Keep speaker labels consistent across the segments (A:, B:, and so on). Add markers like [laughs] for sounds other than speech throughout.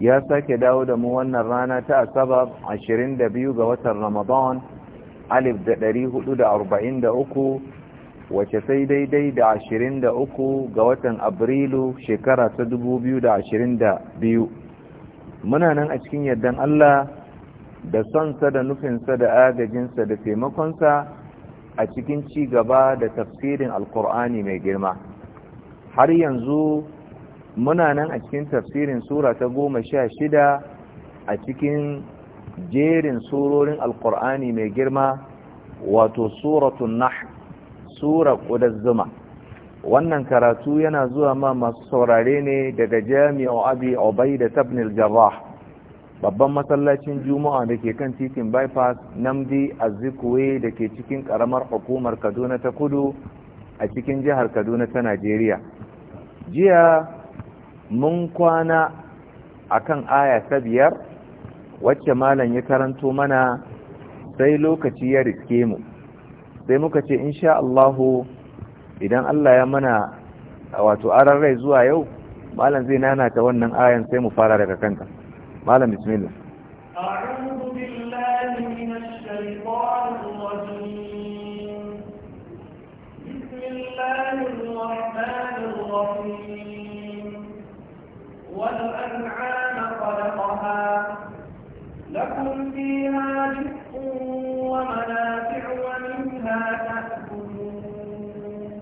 A: ya sake dawo da mu wannan rana ta asabar 22 ga watan ramadan 1443 wace sai daidai da 23 ga watan abrilu shekara ta 2022 muna nan a cikin yardan allah da sonsa da nufinsa da agajinsa da taimakonsa a cikin ci gaba da tafsirin alkur'ani mai girma har yanzu muna nan a cikin tafsirin sura ta goma sha shida a cikin jerin surorin alkur'ani mai girma wato suratun nah sura kudar zuma wannan karatu yana zuwa ma masu saurare ne daga jami'a abi obai da tabnil jarrah babban masallacin juma'a da ke kan titin bypass namdi azikwe da ke cikin karamar hukumar kaduna ta kudu a cikin jihar kaduna ta najeriya jiya mun kwana akan aya ta biyar wacce malam ya karanto mana sai lokaci ya riske mu sai muka ce insha Allahu idan Allah ya mana wato aran rai zuwa yau malam zai nanata wannan ayan sai mu fara daga kanta malam bismillah
B: Thank you. والأنعام خلقها لكم فيها شفء ومنافع ومنها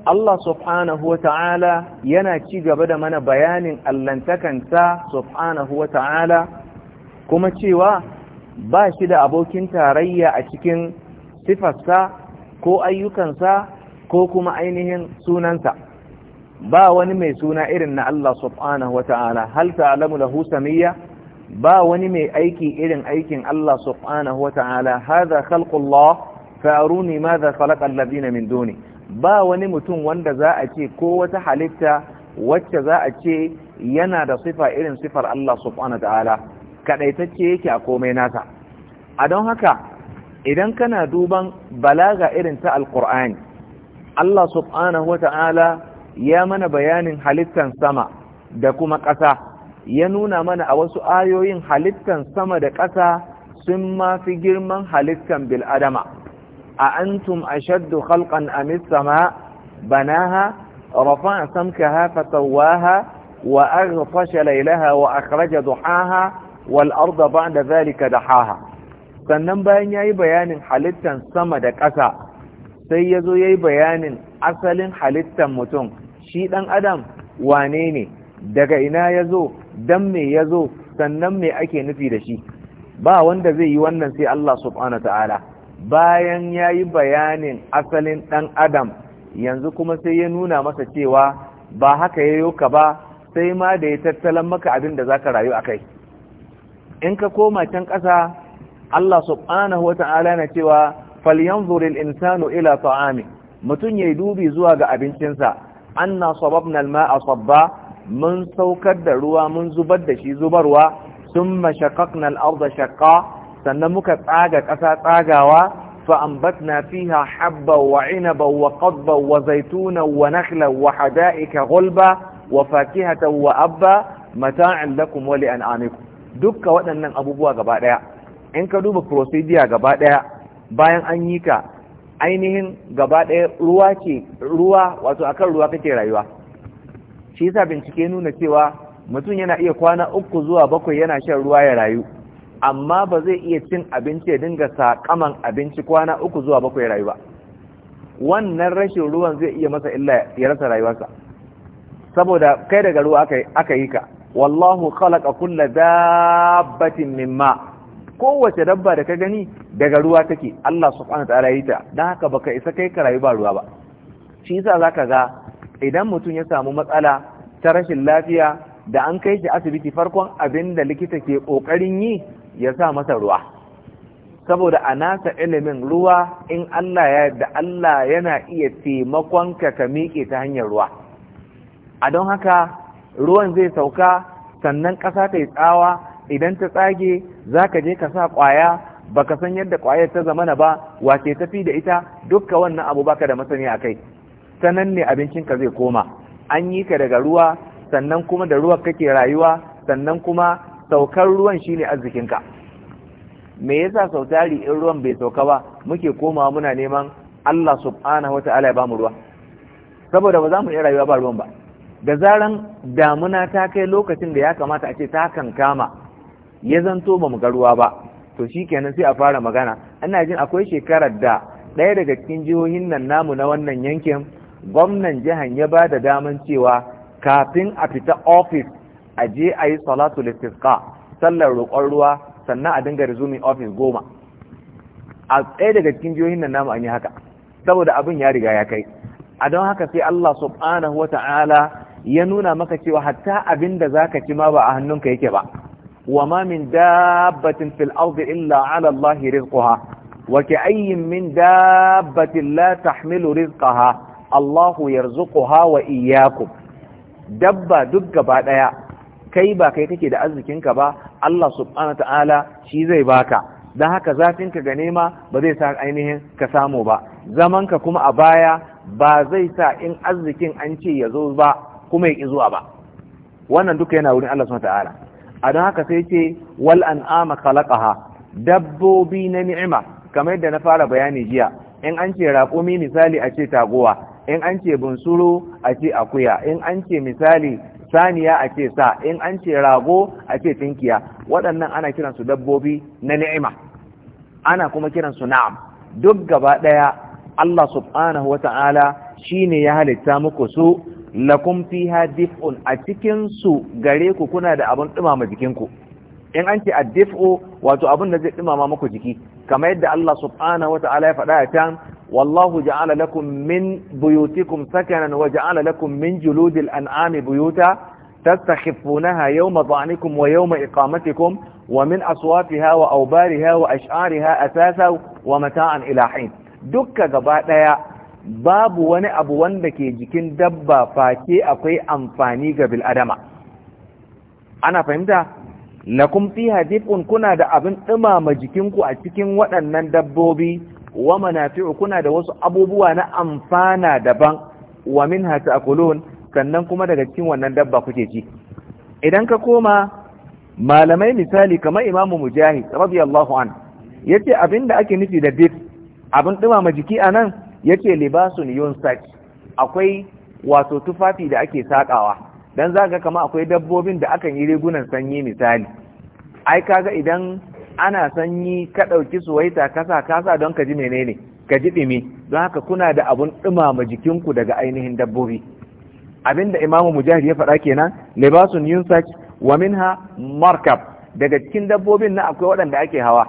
A: Allah subhanahu wa ta’ala yana ci gaba da mana bayanin allantakanta subhanahu wa ta’ala kuma cewa ba shi da abokin tarayya a cikin sifarsa ko ayyukansa ko kuma ainihin sunansa. ba wani mai suna irin na Allah subhanahu wa ta'ala hal ta'lamu lahu samiyya ba wani mai aiki irin aikin Allah subhanahu wa ta'ala hadha khalqullah faruni madha khalaqa alladhina min ba wani mutum wanda za a ce ko wata halitta wacce za a ce yana da sifa irin sifar Allah subhanahu wa ta'ala kadaitacce yake a komai nasa a don haka idan kana duban balaga irin ta alqur'ani Allah subhanahu wa ta'ala ya mana bayanin halittan sama da kuma ƙasa ya nuna mana a wasu ayoyin halittan sama da ƙasa sun ma fi girman halittan bil'adama a antum ashaddu khalqan amis sama banaha rafa'a samkaha fatawwaha wa aghfasha laylaha wa akhraja duhaha wal arda ba'da dhalika dahaha sannan bayan yayi bayanin halittan sama da ƙasa sai yazo yayi bayanin asalin halittan mutum shi ɗan adam wane ne daga ina ya zo don me ya zo sannan me ake nufi da shi ba wanda zai yi wannan sai Allah subhanahu ta'ala bayan ya yi bayanin asalin ɗan adam yanzu kuma sai ya nuna masa cewa ba haka ya ka ba sai ma da ya tattalin maka abin da za ka rayu a kai in ka koma can ƙasa Allah subhanahu wa ta'ala na cewa falyanzuril insanu ila ta'ami mutum ya yi dubi zuwa ga abincinsa أننا صببنا الماء صبا من سوكد دروا من زبد شي زبروا ثم شققنا الأرض شقا سنمك تعاق كسا تعاقا فأنبتنا فيها حبا وعنبا وقضبا وزيتونا ونخلا وحدائك غلبا وفاكهة وأبا متاع لكم ولأن ولأنعامكم دك وأننا أبوبوا قبائع إنك دوب كروسيديا قبائع باين أنيكا ainihin gaba ɗaya ruwa ce ruwa wato akan ruwa kake rayuwa shi yasa bincike nuna cewa mutum yana iya kwana uku zuwa bakwai yana shan ruwa ya rayu amma ba zai iya cin abinci ya dinga sakaman abinci kwana uku zuwa bakwai ya rayu ba wannan rashin ruwan zai iya masa illa ya rasa rayuwarsa saboda kai daga ruwa aka yi ka wallahu khalaqa kulla dabbatin min kowace dabba da ka gani daga ruwa take Allah subhanahu ta'ala yi ta dan haka baka isa kai ka rayu ba ruwa ba shi yasa zaka ga idan mutum ya samu matsala ta rashin lafiya da an kai shi asibiti farkon abin da likita ke kokarin yi ya sa masa ruwa saboda a nasa ilimin ruwa in Allah ya da Allah yana iya taimakon ka ka miƙe ta hanyar ruwa a don haka ruwan zai sauka sannan ƙasa ta yi tsawa idan ta tsage za ka je ka sa ƙwaya ka san yadda ƙwayar ta zamana ba wace tafi da ita dukka wannan abu baka da masani a kai sanan ne abincinka zai koma an yi ka daga ruwa sannan kuma da ruwa kake rayuwa sannan kuma saukar ruwan shine arzikinka me yasa sau tari in ruwan bai sauka ba muke komawa muna neman Allah subhanahu wata'ala ya bamu ruwa saboda ba za mu iya rayuwa ba ruwan ba da zaran damuna ta kai lokacin da ya kamata a ce ta kankama ya zanto ba mu ga ruwa ba to shi kenan sai a fara magana ana jin akwai shekarar da ɗaya daga cikin jihohin nan namu na wannan yankin gwamnan jihan ya ba da daman cewa kafin a fita ofis a je a yi salatu listisqa sallar roƙon ruwa sannan a dinga rizumin ofis goma a ɗaya daga cikin jihohin nan namu an yi haka saboda abin ya riga ya kai a don haka sai Allah subhanahu ta'ala ya nuna maka cewa hatta abin da zaka ci ma ba a hannunka yake ba وما من دابة في الأرض إلا على الله رزقها وكأي من دابة لا تحمل رزقها الله يرزقها وإياكم دبة دقة بعد kai ba kai kake da arzikinka ba Allah subhanahu ta'ala shi zai baka don haka zafinka ga nema ba zai sa ainihin ka samu ba zamanka kuma a baya ba zai sa in arzikin an ce ya zo ba kuma ya ƙi zuwa ba wannan duka yana wurin Allah subhanahu ta'ala a don haka sai ce wal an'ama khalaqaha dabbobi na ni'ima kamar yadda na fara bayani jiya in an ce raƙumi misali a ce taguwa in an ce bunsuru a ce akuya in an ce misali saniya a ce sa in an ce rago a ce tinkiya waɗannan ana kiransu dabbobi na ni'ima ana kuma kiransu na'am duk gaba ɗaya Allah subhanahu wa ta'ala shi ne ya halitta muku su lakum fiha dif'un a cikin su gare ku kuna da abin dumama jikin ku in an ce ad-dif'u wato abin da zai dumama muku jiki kamar yadda Allah subhanahu wa ta'ala ya faɗa a can wallahu ja'ala lakum min buyutikum sakanan wa ja'ala lakum min juludil an'ami buyuta wa min ضعنكم wa إقامتكم wa ash'ariha asasa wa أساسا ila إلى dukka gaba daya. babu wani abu wanda ke jikin dabba face akwai amfani ga bil'adama ana fahimta lakum fi hadifun kuna da abin ɗumama jikinku a cikin waɗannan dabbobi wa manafi'u kuna da wasu abubuwa na amfana daban wa minha ta'kulun sannan kuma daga cikin wannan dabba kuke ci idan ka koma malamai misali kamar imamu mujahid radiyallahu an yace abinda ake nufi da dif abin ɗumama jiki anan yace libasun yunsak akwai wato tufafi da ake sakawa dan zaga kama akwai dabbobin da akan yi rigunan sanyi misali ai kaga idan ana sanyi ka ɗauki suwaita kasa kasa don ka ji menene ka ji dimi don haka kuna da abun ɗumama jikinku daga ainihin dabbobi abinda imamu mujahid ya faɗa kenan libasun yunsak wa minha markab daga cikin dabbobin na akwai waɗanda ake hawa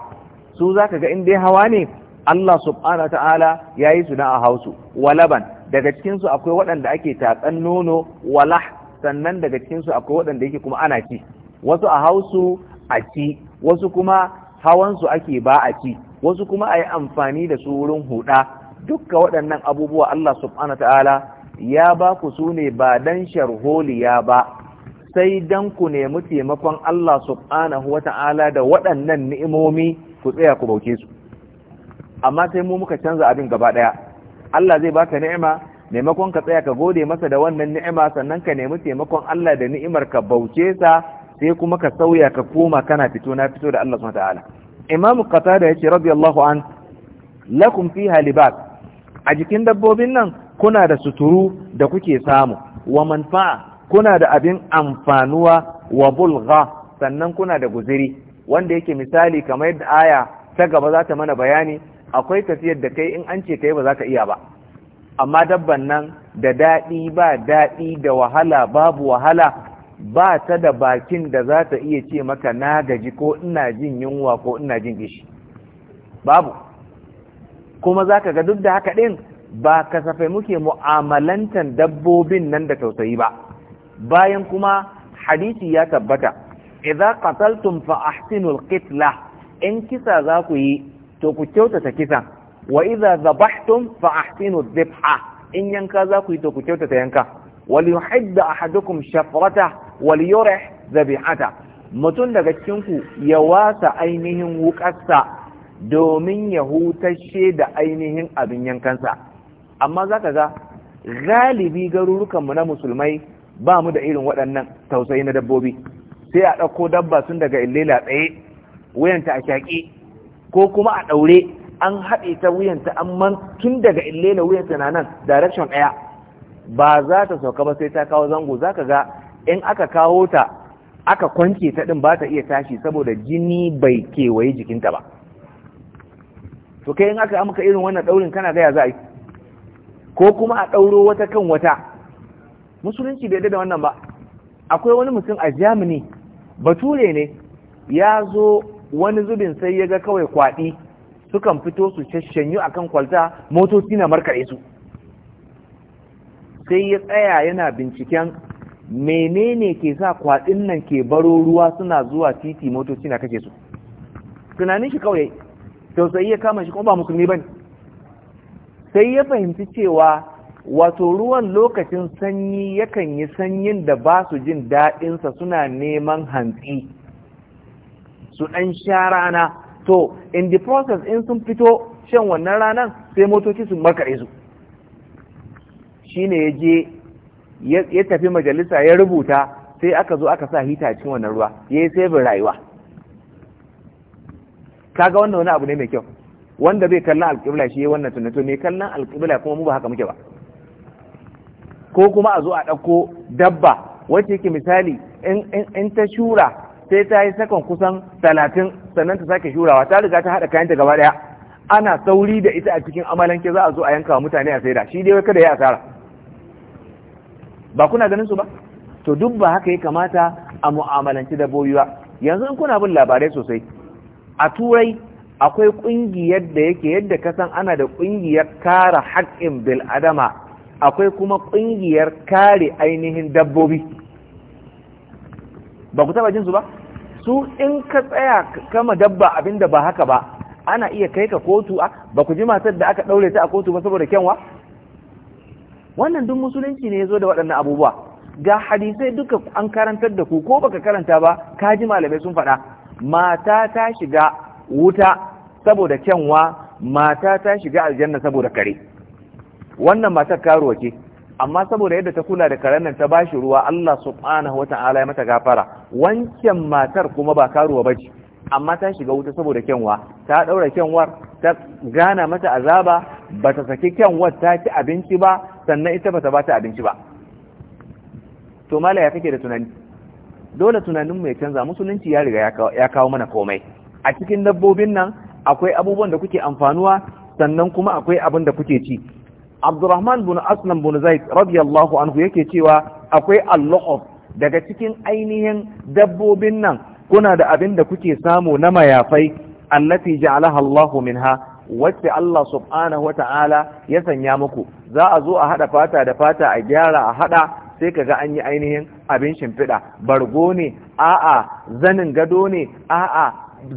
A: su zaka ga in dai hawa ne Allah subhanahu ta'ala ya yi suna a hausu walaban daga cikinsu akwai waɗanda ake tatsan nono walah sannan daga cikinsu akwai waɗanda yake kuma ana ci wasu a hausu a ci wasu kuma hawansu ake ba a ci wasu kuma a yi amfani da su wurin huɗa dukka waɗannan abubuwa Allah subhanahu ta'ala ya ba ku su ne ba dan sharholiya ba sai dan ku nemi taimakon Allah subhanahu ta'ala da waɗannan ni'imomi ku tsaya ku bauke su amma sai mu muka canza abin gaba daya Allah zai baka ni'ima maimakon ka tsaya ka gode masa da wannan ni'ima sannan ka nemi taimakon Allah da ni'imar ka bauce sa sai kuma ka sauya ka koma kana fito na fito da Allah subhanahu wataala Imam Qatada yace radiyallahu an lakum fiha libas a jikin dabbobin nan kuna da suturu da kuke samu wa manfa'a kuna da abin amfanuwa wa bulgha sannan kuna da guziri wanda yake misali kamar yadda aya ta gaba za ta mana bayani akwai tafiyar da kai in an ce kai ba za ka iya ba amma dabban nan da daɗi ba daɗi da wahala babu wahala ba ta da bakin da za ta iya ce maka na gaji ko ina jin yunwa ko ina jin gishi babu kuma za ka ga duk da haka ɗin ba kasafai muke mu'amalantan dabbobin nan da tausayi ba bayan kuma hadisi ya tabbata idza qataltum fa ahsinul qitla in kisa za ku yi to ku kyautata kisa wa idza zabahtum fa ahsinu dhabha in yanka za ku yi to ku kyautata yanka wal yuhidda ahadukum shafrata wal yurih dhabihata Mutun daga cikin ku ya wasa ainihin wukarsa domin ya hutashe da ainihin abin yankansa amma zaka ga galibi garurukan mu na musulmai ba mu da irin waɗannan tausayi na dabbobi sai a ɗauko dabba sun daga illela tsaye wuyanta a shaƙi ko kuma a ɗaure an haɗe ta wuyanta amma tun daga illela wuyanta na nan direction ɗaya ba za ta sauka ba sai ta kawo zango za ka ga in aka kawo ta aka kwanke ta ɗin ba ta iya tashi saboda jini bai kewaye jikinta ba to kai in aka amka irin wannan ɗaurin kana gaya za a yi ko kuma a ɗauro wata kan wata musulunci bai da wannan ba akwai wani mutum a germany bature ne ya zo wani zubin sai ya ga kawai kwaɗi sukan fito su shashanyu akan kwalta motoci na markaɗe su sai ya tsaya yana binciken menene ke sa kwaɗin nan ke baro ruwa suna zuwa titi motoci na kake su tunanin shi kawai tausayi ya kama shi kuma ba musulmi sai ya fahimci cewa wato ruwan lokacin sanyi yakan yi sanyin da ba su jin daɗinsa suna neman hantsi su ɗan sha rana to in the process in sun fito shan wannan ranan sai motoci su makare su Shi ne ya je ya tafi majalisa ya rubuta sai aka zo aka sa hita cikin wannan ruwa ya yi sabin rayuwa kaga wannan wani abu ne mai kyau wanda bai kallon alƙibla shi ya wannan tunato mai kallon alƙibla kuma mu ba haka muke ba ko kuma a zo a ɗauko dabba wacce yake misali in ta shura sai ta yi sakan kusan talatin sannan ta sake shurawa ta riga ta haɗa kayanta gaba ɗaya ana sauri da ita a cikin amalanke za a zo a yanka wa mutane a saida shi dai kada ya asara ba kuna ganin su ba to duk ba haka ya kamata a mu'amalanci da ba yanzu in kuna bin labarai sosai a turai akwai kungiyar da yake yadda ka san ana da kungiyar kare haƙƙin bil'adama akwai kuma kungiyar kare ainihin dabbobi ba ku taba jin su ba su in ka tsaya kama dabba abinda ba haka ba ana iya kai ka kotu a ba ku ji matar da aka ɗaure ta a kotu ba saboda kyanwa wannan duk musulunci ne ya zo da waɗannan abubuwa ga hadisai duka an karantar da ku ko baka karanta ba ka ji malamai sun faɗa mata ta shiga wuta saboda kyanwa mata ta shiga aljanna saboda kare wannan matar karuwa ce amma saboda yadda ta kula da karen nan ta shi ruwa Allah subhanahu wata'ala ya mata gafara wancan matar kuma ba karuwa ce amma ta shiga wuta saboda kyanwa ta daura kyanwar ta gana mata azaba ba ta saki kyanwar ta ci abinci ba sannan ita bata bata abinci ba to mala ya kake da tunani dole tunanin mai canza musulunci ya riga ya kawo mana komai a cikin dabbobin nan akwai abubuwan da kuke amfanuwa sannan kuma akwai abin da kuke ci abdurrahman bin aslam bin zaid radiyallahu anhu yake cewa akwai alluhuf daga cikin ainihin dabbobin nan kuna da abin da kuke samu na mayafai allati ja'alaha Allahu minha wacce Allah subhanahu wa ta'ala ya sanya muku za a zo a haɗa fata da fata a gyara a haɗa sai kaga an yi ainihin abin shimfiɗa bargo ne a'a zanin gado ne a'a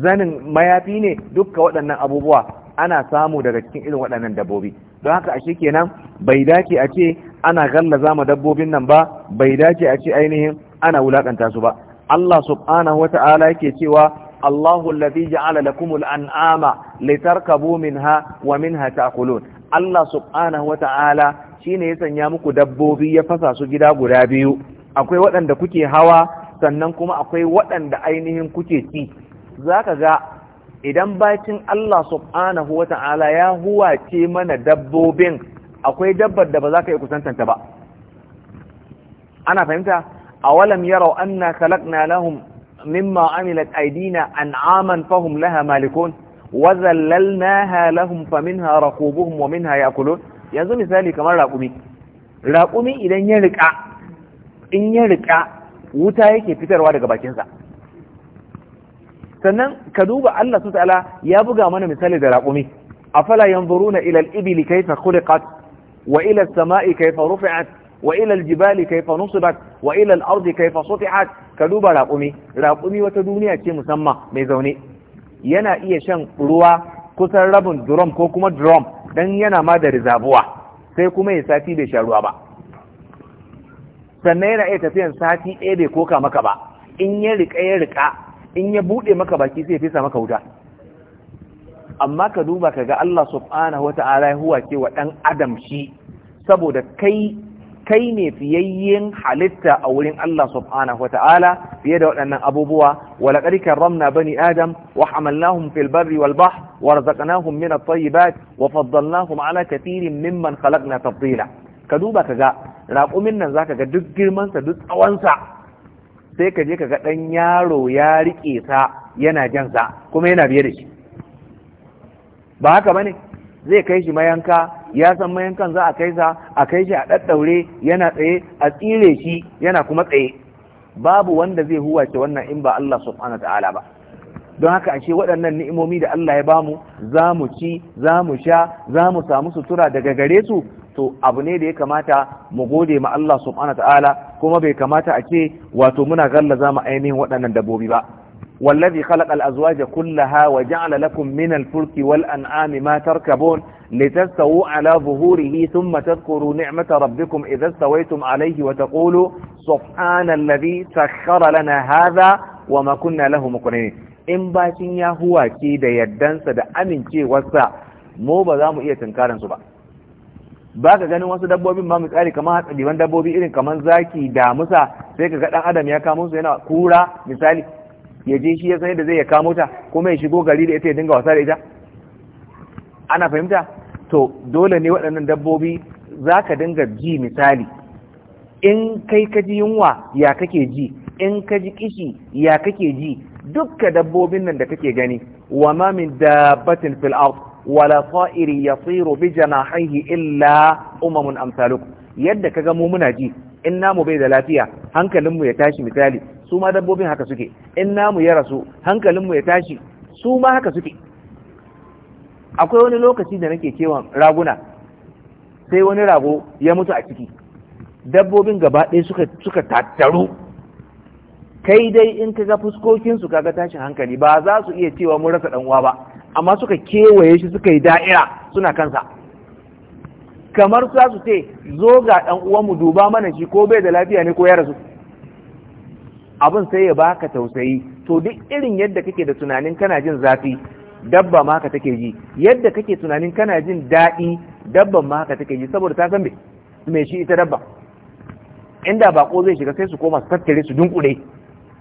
A: zanin mayafi ne dukka waɗannan abubuwa ana samu daga cikin irin waɗannan dabbobi don haka ashe kenan bai dace a ce ana gallaza ma dabbobin nan ba bai dace a ce ainihin ana wulakanta su ba Allah subhanahu wata'ala yake cewa Allahu alladhi ja'ala lakumul an'ama litarkabu minha wa minha ta'kulun Allah subhanahu wata'ala shine ya sanya muku dabbobi ya fasa su gida guda biyu akwai waɗanda kuke hawa sannan kuma akwai waɗanda ainihin kuke ci zaka ga idan bakin Allah subhanahu wa ta'ala ya ce mana dabbobin akwai dabbar da ba za ka yi kusantanta ba ana fahimta a walam na anna na lahum mimma amilat aidina an'aman fahum laha malikun wa zallalnaha lahum faminha rakubuhum wa ya yakulun yanzu misali kamar raƙumi raƙumi idan in ya riƙa wuta yake fitarwa daga bakinsa sannan ka duba Allah su ta'ala ya buga mana misali da raƙumi afala yanzuruna ila al-ibli kayfa khuliqat wa ila as-sama'i kayfa rufi'at wa ila al-jibali kayfa nusibat wa ila al-ardi kayfa sutihat ka duba raƙumi raƙumi wata duniya ce musamman mai zaune yana iya shan ruwa kusan rabin drum ko kuma drum dan yana ma da rizabuwa sai kuma ya sati bai sha ruwa ba sannan yana iya tafiyan sati ɗaya bai koka maka ba in ya riƙa ya riƙa in ya buɗe maka baki sai ya fesa maka wuta amma ka duba ka ga Allah subhanahu wa ta'ala ya huwa wa ɗan adam shi saboda kai kai ne fiyayyen halitta a wurin Allah subhanahu wata'ala fiye da waɗannan abubuwa wa laqad ramna bani adam wa hamalnahum fil barri wal bahr wa razaqnahum min at-tayyibat wa faddalnahum ala katirin mimman khalaqna tafdila ka duba kaga raƙumin nan zaka ga duk girman sa duk tsawon sa sai ka je ka ga ɗan yaro ya riƙe ta yana jan sa kuma yana biye da shi ba haka bane zai kai shi mayanka ya san mayankan za a kai sa a kai shi a ɗaɗɗaure yana tsaye a tsire shi yana kuma tsaye babu wanda zai huwace wannan in ba Allah subhanahu ta'ala ba don haka ashe waɗannan ni'imomi da Allah ya bamu za mu ci za mu sha za mu samu sutura daga gare su to abu ne da ya kamata mu gode ma Allah subhanahu ta'ala kuma bai kamata a ce wato muna gallaza mu ainihin waɗannan dabbobi ba wallazi khalaqa al-azwaja kullaha wa ja'ala lakum min al-fulki wal an'ami ma tarkabun litastawu ala zuhurihi thumma tadhkuru ni'mata rabbikum idha stawaytum alayhi wa taqulu subhana alladhi sakhkhara lana hadha wa ma kunna lahu muqrinin in bacin yahuwa ce da yaddansa da amincewarsa mu ba za mu iya su ba ba ka ganin wasu dabbobin ma misali kamar hatsaliban dabbobi irin kamar zaki da musa sai ka ga dan adam ya kamo su yana kura misali ya je shi ya san yadda zai ya kamo ta kuma ya shigo gari da ita ya dinga wasa da ita ana fahimta to dole ne waɗannan dabbobi za ka dinga ji misali in kai ka ji yunwa ya kake ji in ka ji kishi ya kake ji dukka dabbobin nan da kake gani wa ma min dabbatin fil ard wala ta'iri yatiru bi janahihi illa umamun amsaluk yadda kaga mu muna ji in namu bai da lafiya hankalinmu ya tashi misali su ma dabbobin haka suke in namu ya rasu hankalinmu ya tashi su ma haka suke akwai wani lokaci da nake kewan raguna sai wani rago ya mutu a ciki dabbobin gaba ɗaya suka suka tattaru kai dai in kaga fuskokinsu kaga tashin hankali ba za su iya cewa mun rasa ɗan uwa ba amma suka kewaye shi suka yi da'ira suna kansa kamar za su ce zo ga ɗan uwanmu duba mana shi ko bai da lafiya ne ko ya rasu abin sai ya baka tausayi to duk irin yadda kake da tunanin kana jin zafi dabba ma ka take ji yadda kake tunanin kana jin daɗi dabban ma ka take ji saboda ta san me shi ita dabba inda bako zai shiga sai su koma su tattare su dunkure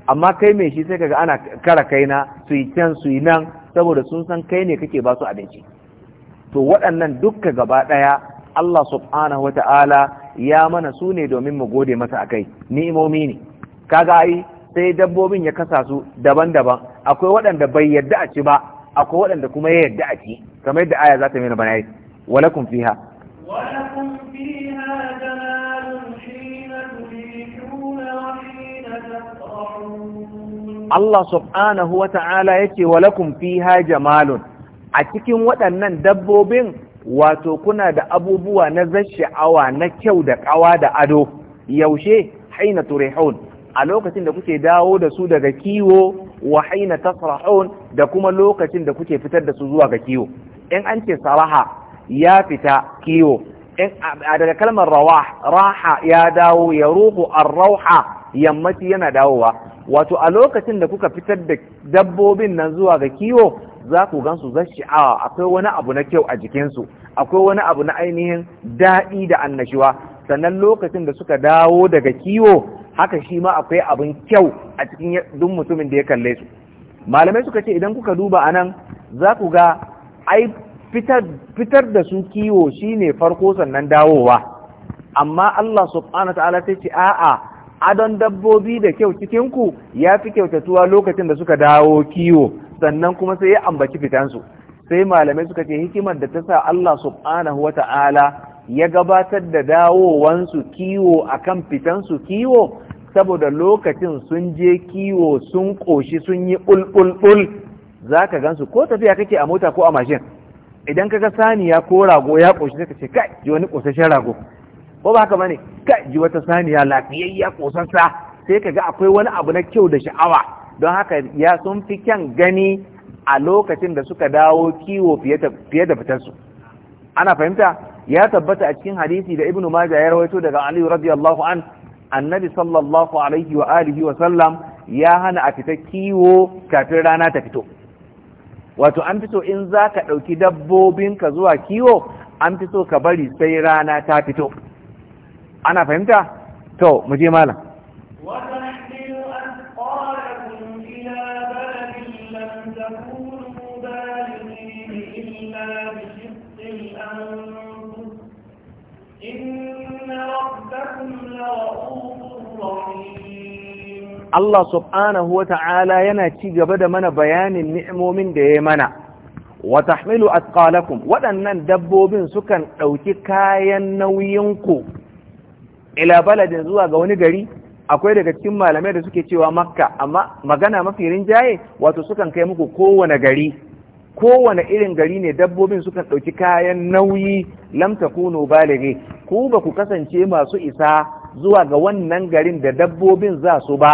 A: amma kai mai shi sai kaga ana kara kaina su yi can su yi nan saboda sun san kai ne kake ba su abinci to waɗannan dukka gaba ɗaya Allah subhanahu wa ta'ala ya mana su ne domin mu gode masa a kai ni'imomi ne kaga ai sai dabbobin ya kasa su daban-daban akwai waɗanda bai yadda a ci ba akwai waɗanda kuma ya yadda a ci kamar yadda aya za ta mana bana walakum fiha
B: walakum fiha
A: Allah subhanahu wa ta'ala ya ce fi fiha jamalun a cikin waɗannan dabbobin wato kuna da abubuwa na sha'awa na kyau da ƙawa da ado yaushe haina turihun a lokacin da kuke dawo da su daga kiwo wa haina tasrahun da kuma lokacin da kuke fitar da su zuwa ga kiwo in an ce saraha ya fita kiwo in daga kalmar rawah raha ya dawo ya ruhu yammaci yana dawowa wato a lokacin da kuka fitar da dabbobin nan zuwa ga kiwo za ku gansu zan sha'awa akwai wani abu na kyau a jikinsu akwai wani abu na ainihin daɗi da annashuwa sannan lokacin da suka dawo daga kiwo haka shi ma akwai abin kyau a cikin duk mutumin da ya kalle su malamai suka ce idan kuka duba anan za ku ga ai fitar da su kiwo shine farko sannan dawowa amma Allah subhanahu ta'ala sai ce a'a adon dabbobi da kyau cikinku ya fi kyautatuwa lokacin da suka dawo kiwo sannan kuma sai ya ambaci fitansu sai malamai suka ce hikimar da ta sa Allah subhanahu wa ta'ala ya gabatar da dawowansu kiwo akan fitansu kiwo saboda lokacin sun je kiwo sun ƙoshi sun yi ɓulɓulɓul za ka gansu ko tafiya kake a mota ko a mashin idan ka ga saniya ko rago ya ƙoshi sai ka ce kai ji wani ƙosashen rago ko ba haka bane ka ji wata saniya lafiyayya kosassa sai ka ga akwai wani abu na kyau da sha'awa don haka ya sun fi kyan gani a lokacin da suka dawo kiwo fiye da fitarsu ana fahimta ya tabbata a cikin hadisi da ibnu majah ya rawaito daga aliyu radiyallahu an annabi sallallahu alaihi wa alihi wa sallam ya hana a fita kiwo kafin rana ta fito wato an fito in za ka ɗauki dabbobinka zuwa kiwo an fito ka bari sai rana ta fito ana fahimta to mu je malam Allah subhanahu wa ta'ala yana ci gaba da mana bayanin ni'imomin da ya mana, wa tahmilu atqalakum waɗannan dabbobin sukan ɗauki kayan nauyinku ila baladin zuwa ga wani gari akwai daga cikin malamai da suke cewa makka amma magana mafi rinjaye wato sukan kai muku kowane gari kowane irin gari ne dabbobin sukan ɗauki kayan nauyi lam takunu balighi ku ba ku kasance masu isa zuwa ga wannan garin da dabbobin za su ba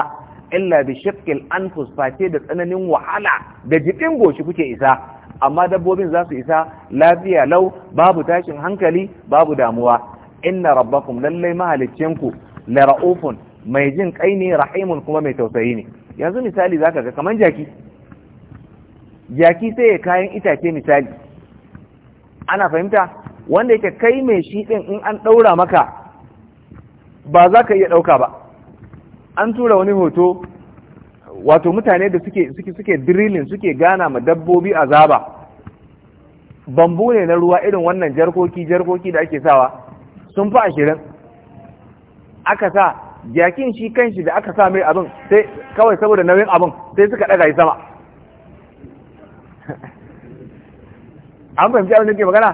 A: illa bi shaqqil anfus face da tsananin wahala da jikin goshi kuke isa amma dabbobin za su isa lafiya lau babu tashin hankali babu damuwa inna rabbakum lallai mahaliccinku la ra'ufun mai jin kai ne rahimun kuma mai tausayi ne yanzu misali zaka ga kaman jaki jaki sai ya kayan itace misali ana fahimta wanda yake kai mai shi din in an daura maka ba za ka iya dauka ba an tura wani hoto wato mutane da suke suke suke drilling suke gana ma dabbobi azaba bambu ne na ruwa irin wannan jarkoki jarkoki da ake sawa sun fi ashirin aka sa jakin shi kanshi da aka sa mai abin sai kawai saboda nauyin abin sai suka ɗaga yi sama [laughs] an fahimci abin da ke magana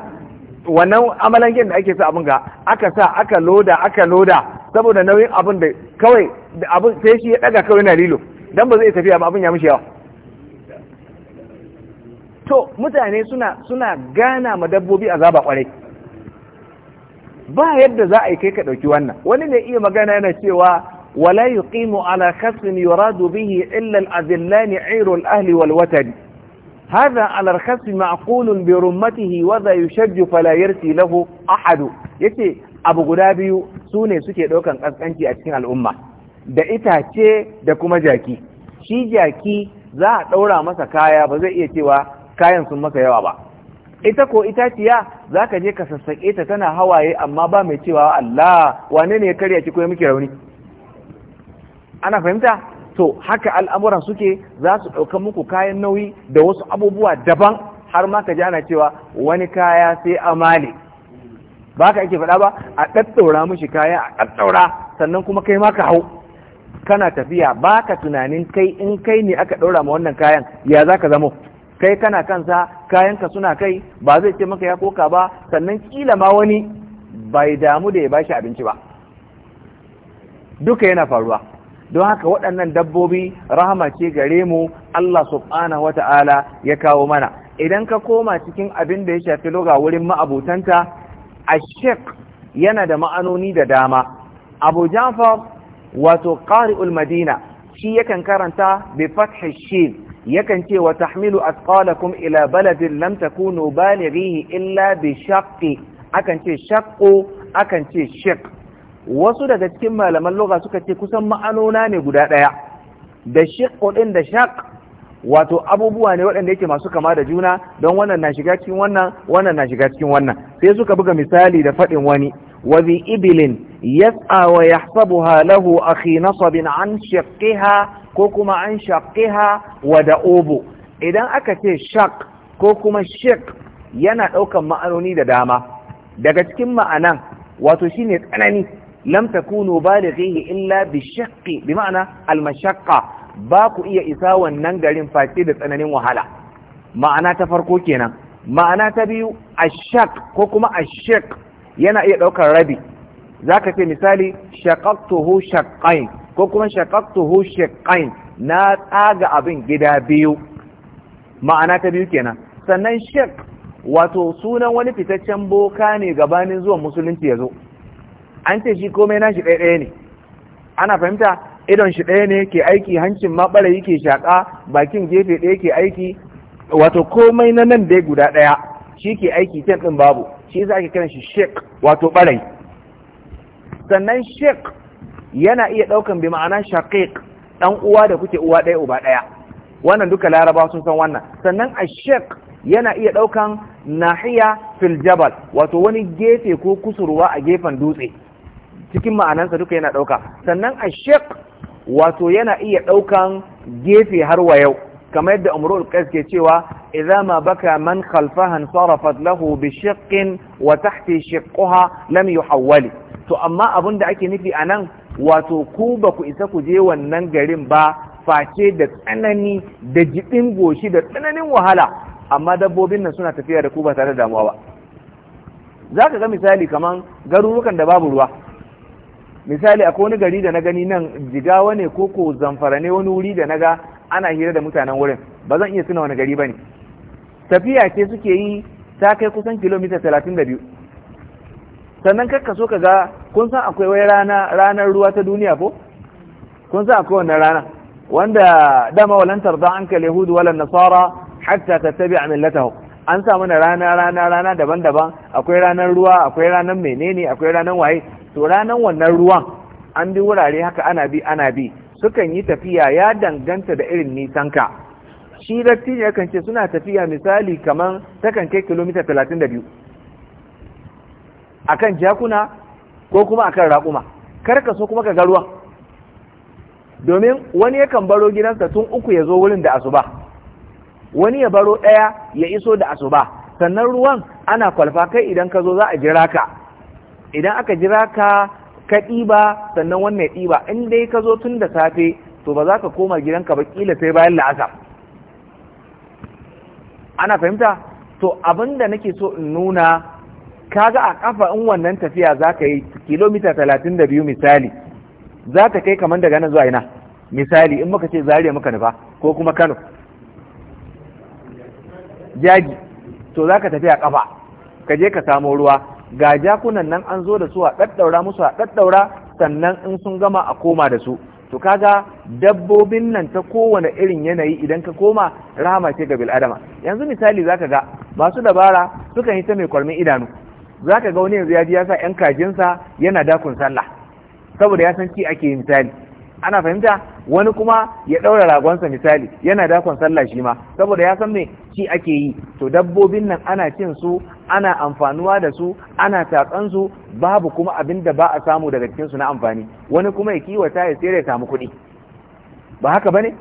A: wannan amalan gen da ake sa abin ga aka sa aka loda aka loda saboda nauyin abin da kawai da abin sai shi ya ɗaga kawai na lilo don ba zai tafiya ba abin ya mishi yawa to mutane suna suna gana ma dabbobi azaba kwarai ba yadda za a yi kai ka ɗauki wannan wani ne iya magana yana cewa wala yuqimu ala khasmin yuradu bihi illa al-adillani ayru al-ahli wal watani هذا على الخصم معقول برمته وذا يشج فلا يرثي له أحد yace abu guda biyu su ne suke ɗaukan ƙasƙanci a cikin al'umma da itace da kuma jaki shi jaki za a ɗaura masa kaya ba zai iya cewa kayan sun masa yawa ba ita ko itaciya za ka je ka sassaƙe ta tana hawaye amma ba mai cewa Allah wane ne ya karya ki kuma ya rauni ana fahimta to haka al'amuran suke za su ɗauka muku kayan nauyi da wasu abubuwa daban har ma ka ji cewa wani kaya sai amale ba ka ake faɗa ba a ɗaɗɗaura mushi kaya a ɗaɗɗaura sannan kuma kai ma ka hau kana tafiya ba ka tunanin kai in kai ne aka ɗaura ma wannan kayan ya za ka zamo kai kana kansa kayanka suna kai ba zai ce maka ya koka ba sannan kila ma wani bai damu da ya bashi abinci ba duka yana faruwa don haka waɗannan dabbobi rahama ce gare mu Allah subhanahu wata'ala ya kawo mana idan ka koma cikin abin da ya shafi loga wurin ma'abutanta ashek yana da ma'anoni da dama abu jafar wato ƙari'ul madina shi yakan karanta bi fathi shi yakan ce wa tahmilu asqalakum ila baladin lam takunu balighihi illa bi shaqqi akan ce shaqqu akan ce shiq wasu daga cikin malaman lugha suka ce kusan ma'anona ne guda daya da shiqqu din da shaq wato abubuwa ne waɗanda yake masu kama da juna don wannan na shiga cikin wannan wannan na shiga cikin wannan sai suka buga misali da faɗin wani wa bi ibilin yas'a wa yahsabuha lahu akhi nasabin an shaqqiha ko kuma an shaqiha wa obo idan aka ce shaq ko kuma shaq yana ɗaukan ma'anoni da dama daga cikin ma'anan wato shine tsanani lam takunu balighihi illa bi shaqqi bi ma'ana al ba ku iya isa wannan garin face da tsananin wahala ma'ana ta farko kenan ma'ana ta biyu ashaq ko kuma ashaq yana iya ɗaukar rabi zaka ce misali shaqaqtuhu shaqqain ko kuma hu shaƙain na tsaga abin gida biyu ma'ana ta biyu kenan sannan shek wato sunan wani fitaccen boka ne gabanin zuwan musulunci ya zo an ce shi komai nashi ɗaya ɗaya ne ana fahimta idon shi ɗaya ne ke aiki hancin ma ɓarayi ke shaƙa bakin gefe ɗaya ke aiki wato komai na nan dai guda ɗaya shi ke aiki can ɗin babu shi za ake kiran shi shek wato ɓarai sannan shek yana iya ɗaukan bi ma'ana shaqiq ɗan uwa da kuke uwa ɗaya uba ɗaya wannan duka laraba sun san wannan sannan ashaq yana iya ɗaukan nahiya fil jabal wato wani gefe ko kusurwa a gefen dutse cikin ma'anansa duka yana ɗauka sannan ashaq wato yana iya ɗaukan gefe har wa yau kamar yadda umrul qais ke cewa idza ma baka man khalfaha sarafat lahu bi shaqqin wa tahti shiqquha lam yuhawwali to amma abin da ake nufi anan wato ku ba ku isa ku je wannan garin ba face da tsanani da jiɗin goshi da tsananin wahala amma dabbobin nan suna tafiya da ku ba tare da damuwa ba za ka ga misali kamar garurukan da babu ruwa misali akwai wani gari da na gani nan jigawa ne ko ko zamfara ne wani wuri da na ga ana hira da mutanen wurin ba zan iya suna wani gari ba ne tafiya ce suke yi ta kai kusan kilomita talatin da biyu sannan kakka so ka ga kun san akwai wai ranar ruwa ta duniya ko kun san akwai wannan rana wanda dama walan tarda an kal Hudu walan nasara hatta tattabi'a millatahu an sa mana rana rana rana daban-daban akwai ranar ruwa akwai ranar menene akwai ranar waye to ranar wannan ruwan an bi wurare haka ana bi ana bi sukan yi tafiya ya danganta da irin nisan ka shi dattijo yakan ce suna tafiya misali kamar takan kai kilomita talatin da biyu. akan jakuna ko kuma akan raƙuma kar ka so kuma ka ga ruwan domin wani yakan baro gidansa tun uku ya zo wurin da asuba wani ya baro ɗaya ya iso da asuba sannan ruwan ana kwalfa kai idan ka zo za a jira ka idan aka jira ka ka ɗiba sannan wannan ɗiba in dai ka zo tun da safe to ba za ka koma gidanka ba ƙila sai bayan la'asa. ana fahimta to abin da nake so in nuna kaga a kafa in wannan tafiya za ka yi kilomita talatin da biyu misali za ta kai kamar daga nan zuwa ina misali in muka ce zariya muka nufa ko kuma kano jagi to za ka tafi a kafa ka je ka samo ruwa ga jakunan nan an zo da su a ɗaɗɗaura musu a ɗaɗɗaura sannan in sun gama a koma da su to kaga dabbobin nan ta kowane irin yanayi idan ka koma rahama ce ga bil'adama yanzu misali za ka ga masu dabara suka yi ta mai kwalmin idanu za ka ga wani yanzu ya ji ya sa ‘yan kajinsa yana dakon sallah saboda ya san ci ake misali ana fahimta wani kuma ya ɗaura ragonsa misali yana dakon sallah shi ma saboda ya san me ci ake yi to dabbobin nan ana cin su ana amfanuwa da su ana tatsan su babu kuma abin da ba a samu daga cikin su na amfani wani kuma ya kiwata ya tsere ya samu kuɗi ba haka bane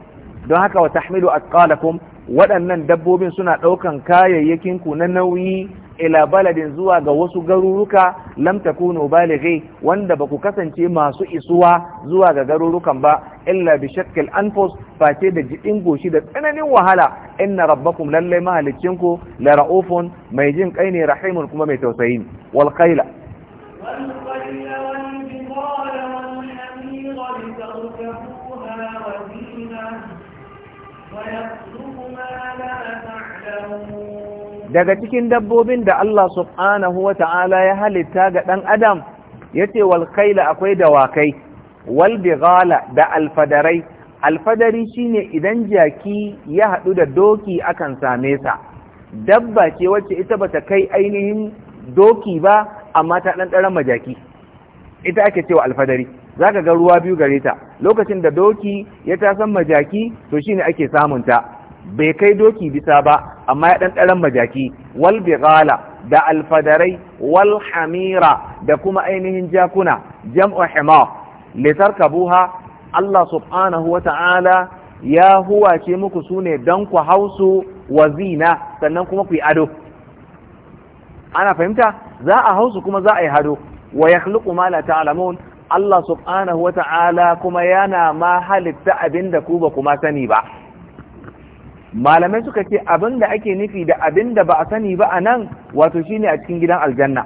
A: don haka wa tahmilu asqalakum waɗannan dabbobin suna ɗaukan kayayyakin ku na nauyi ila baladin zuwa ga wasu garuruka lam takunu balighi wanda baku kasance masu isuwa zuwa ga garurukan ba illa bi shakkil anfus face da jidin goshi da tsananin wahala inna rabbakum lalle mahalicinku la raufun mai jin kai ne rahimun kuma mai tausayi wal qaila daga cikin dabbobin da Allah subhanahu wa ta'ala ya halitta ga ɗan adam ya ce walkaila akwai dawakai walbighala da alfadarai alfadari shine idan jaki ya haɗu da doki akan same sa dabba ce wacce ita ba ta kai ainihin doki ba amma ta ɗanɗaren majaki ita ake cewa alfadari za ka ga ruwa biyu gare ta lokacin da doki ya tasan majaki to shine ake samunta bai kai doki bisa ba amma ya ɗan ɗaran majaki wal bighala da alfadarai wal hamira da kuma ainihin jakuna jam'u himar litarkabuha Allah subhanahu wa ta'ala ya huwace muku sune don ku hausu wa zina sannan kuma ku yi ado ana fahimta za a hausu kuma za a yi hado wa yakhluqu ma la ta'lamun Allah subhanahu wa ta'ala kuma yana ma halitta abinda ku ba kuma sani ba malamai suka ce abin da ake nufi da abin da ba a sani ba a nan wato shine a cikin gidan aljanna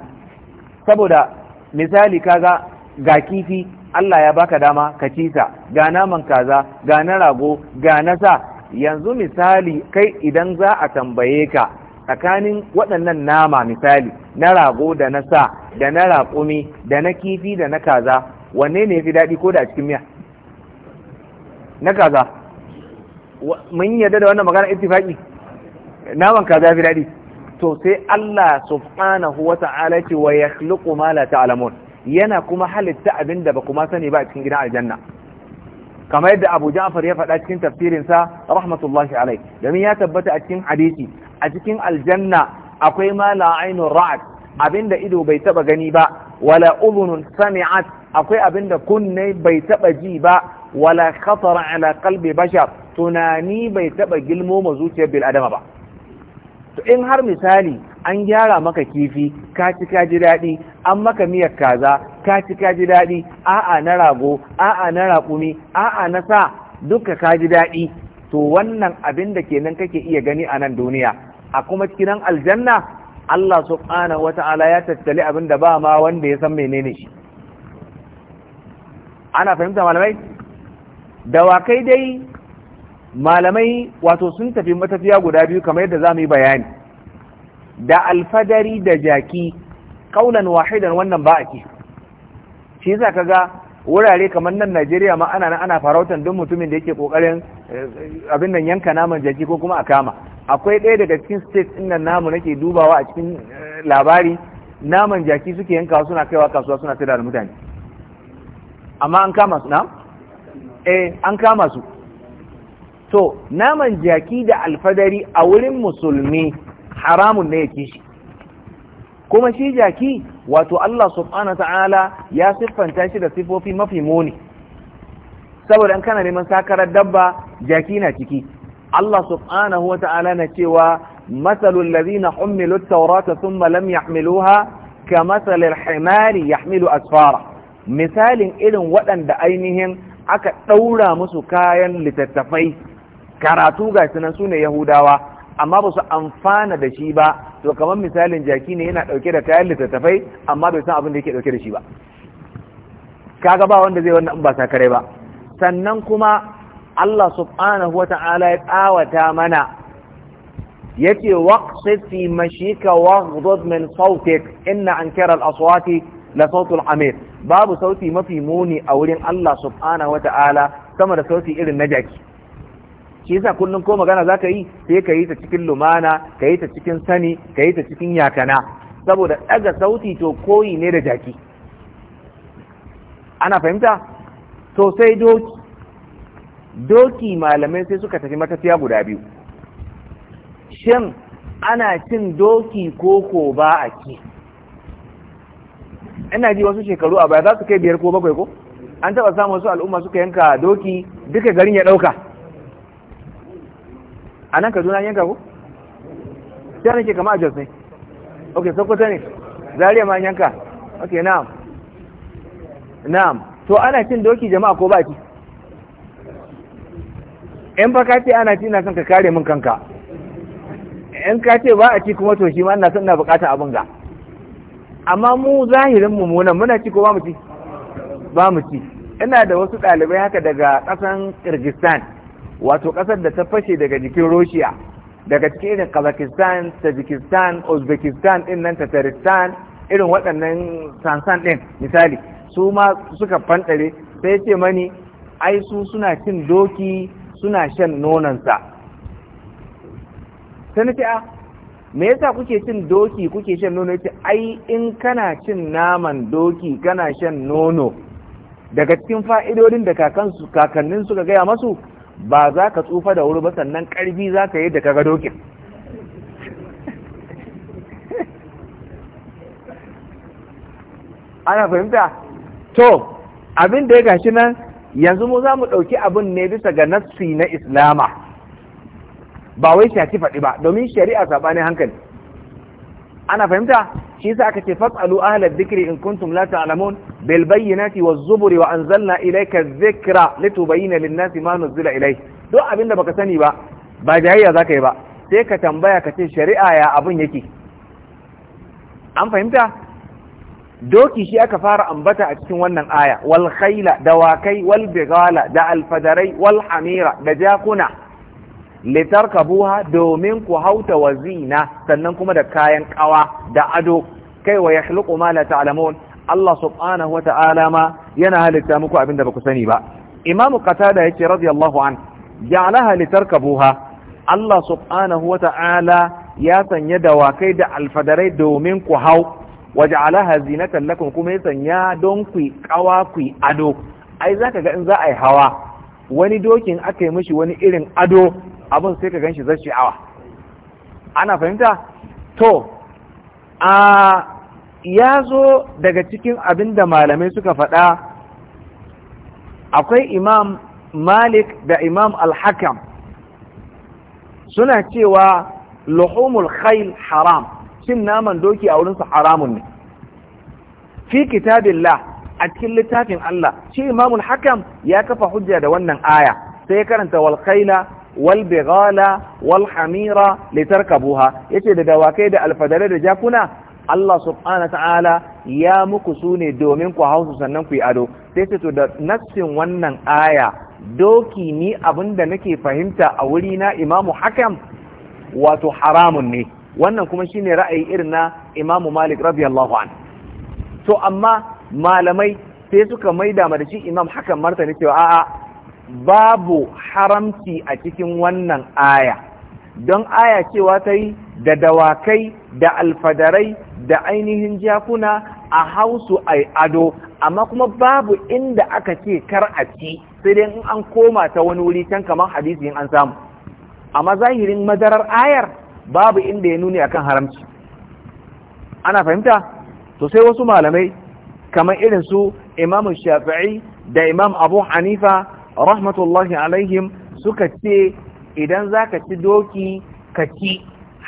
A: saboda misali kaga ga kifi Allah ya baka dama ka ci sa, ga naman kaza ga na rago ga na sa yanzu misali kai idan za a tambaye ka tsakanin waɗannan nama misali na rago da na sa da na raƙumi da na kifi da na kaza wanne ne ya fi daɗi ko da a cikin miya na kaza mun yadda da wannan magana ittifaqi naman kaza fi dadi to sai Allah subhanahu wa ta'ala ce wa yakhluqu ma la ta'lamun yana kuma halitta abinda ba kuma sani ba cikin gidan aljanna kamar yadda Abu Ja'far ya faɗa cikin tafsirin sa rahmatullahi alai domin ya tabbata a cikin hadisi a cikin aljanna akwai ma la ainun ra'at abinda ido bai taba gani ba wala udhunun sami'at akwai abinda kunne bai taba ji ba wala khatara ala qalbi bashar tunani bai taba gilmo ma zuciyar bil adama ba to in har misali an gyara maka kifi ka ci ka ji daɗi an maka miyar kaza ka ci ka ji daɗi a'a na rago a'a na raƙumi a'a na sa duka ka ji daɗi to wannan abin da kenan kake iya gani a nan duniya a kuma cikin aljanna Allah subhanahu wata'ala ya tattali abin da ba ma wanda ya san menene shi ana fahimta malamai dawakai dai malamai wato sun tafi matafiya guda biyu kamar yadda za mu yi bayani da alfadari da jaki kaunan wahidan wannan ba a ke. shi ka ga wurare kamar nan Najeriya ma ana nan ana farautan duk mutumin da yake kokarin eh, abin nan yanka naman jaki ko kuma a kama akwai ɗaya daga cikin state ɗin nan namu nake dubawa a cikin eh, labari naman jaki suke yankawa suna kaiwa kasuwa suna sayar da mutane amma an kama su na eh an kama su to naman jaki da alfadari a wurin musulmi haramun ne yake shi kuma shi jaki wato Allah subhanahu ta'ala ya siffanta shi da sifofi mafi muni saboda in kana neman sakarar dabba jaki na ciki Allah subhanahu wa ta'ala na cewa masalul ladina hummilu at-taurata thumma lam yahmiluha ka masalil himari yahmilu asfara misalin irin waɗanda ainihin aka ɗaura musu kayan littattafai karatu ga sunan su ne yahudawa amma ba su amfana da shi ba to kamar misalin jaki ne yana ɗauke da kayan littattafai amma bai san abin da yake ɗauke da shi ba kaga ba wanda zai wannan in ba sakare ba sannan kuma Allah subhanahu wata'ala ya tsawata mana yace waqsid fi mashika waghdud min sautik inna ankara al-aswati la sautul amir babu sauti mafi muni a wurin Allah subhanahu Ta'ala sama da sauti irin na jaki shi yasa kullum ko magana za ka yi sai ka yi ta cikin lumana ka yi ta cikin sani ka yi ta cikin yakana saboda daga sauti to koyi ne da jaki ana fahimta to sai doki doki malamai sai suka tafi matafiya guda biyu shin ana cin doki ko ko ba a ci ina ji wasu shekaru a baya za su kai biyar ko bakwai ko an taɓa samun su al'umma suka yanka doki duka garin ya ɗauka a nan kaduna yanka ko sai nake kama a jos ne ok sokoto ne zariya ma yanka ok na'am na'am to ana cin doki jama'a ko ba ki in ba ce ana ci na son ka kare min kanka yan ka ce ba a ci kuma to shi ma ina son na bukata abin ga amma mu zahirin mu muna ci ko ba mu ci ba mu ci ina da wasu ɗalibai haka daga ƙasan kirgistan wato ƙasar da ta fashe daga jikin roshiya daga cikin irin kazakistan tajikistan uzbekistan din nan tataristan irin waɗannan sansan ɗin misali su ma suka fanɗare sai ce mani ai su suna cin doki suna shan nonansa sai nace a ah, me yasa kuke cin doki kuke shan nono yace ai in kana cin naman doki kana shan nono daga cikin fa'idodin da kakansu kakannin suka gaya masu ba za ka tsufa da wuri ba sannan karfi za ka yi da kaga dokin
B: [laughs]
A: ana fahimta to abin da ya gashi nan yanzu mu za mu ɗauki abin ne bisa ga nassi na islama ba wai shaci faɗi ba domin shari'a saɓanin hankali ana fahimta shi yasa aka ce fas'alu ahla dhikri in kuntum la ta'lamun bil bayyinati waz zuburi wa anzalna ilayka dhikra litubayyana lin-nasi ma nuzila ilayhi duk abinda baka sani ba ba jayayya zaka yi ba sai ka tambaya ka ce shari'a ya abun yake an fahimta doki shi aka fara ambata a cikin wannan aya wal khayla dawakai wal bigala da alfadarai wal hamira da jakuna litarkabuha domin ku hauta wa zina sannan kuma da kayan kawa da ado kai wa yakhluqu ma la ta'lamun Allah subhanahu wa ta'ala ma yana halitta muku abinda ba ku sani ba Imam Qatada yace radiyallahu an ja'alaha litarkabuha Allah subhanahu wa ta'ala ya sanya dawakai da alfadarai domin ku hau waja'alaha zinatan lakum kuma ya sanya don ku kawa ku ado ai zaka ga in za a yi hawa wani dokin aka yi mishi wani irin ado abin sai ka ganshi zai sha'awa ana fahimta to a ya zo daga cikin abin da malamai suka faɗa akwai imam malik da imam al-hakam suna cewa luhumul khayl haram cin naman doki a wurinsu haramun ne fi kitabillah a cikin littafin Allah shi imamul hakam ya kafa hujja da wannan aya sai karanta wal khayla wal bighala wal hamira litarkabuha yace da dawakai da alfadare da jakuna Allah subhanahu ta'ala ya muku sune domin ku hausu sannan ku yi ado sai ce to da nassin wannan aya doki ni abinda nake fahimta a wuri na imamu hakam wato haramun ne wannan kuma shine ra'ayi irin na imamu malik radiyallahu an to amma malamai sai suka maida da shi imam hakan martani cewa a'a babu haramci a cikin wannan aya don aya cewa ta yi da dawakai da alfadarai da ainihin jakuna a hausu ai ado amma kuma babu inda aka ce kar a ci sai dai in an koma ta wani wuri can kamar hadisi an samu amma zahirin madarar ayar babu inda ya nuni akan haramci ana fahimta to sai wasu malamai kamar irin su imamu shafi'i da imam abu hanifa rahmatullahi alaihim suka ce idan zaka ci doki ka ci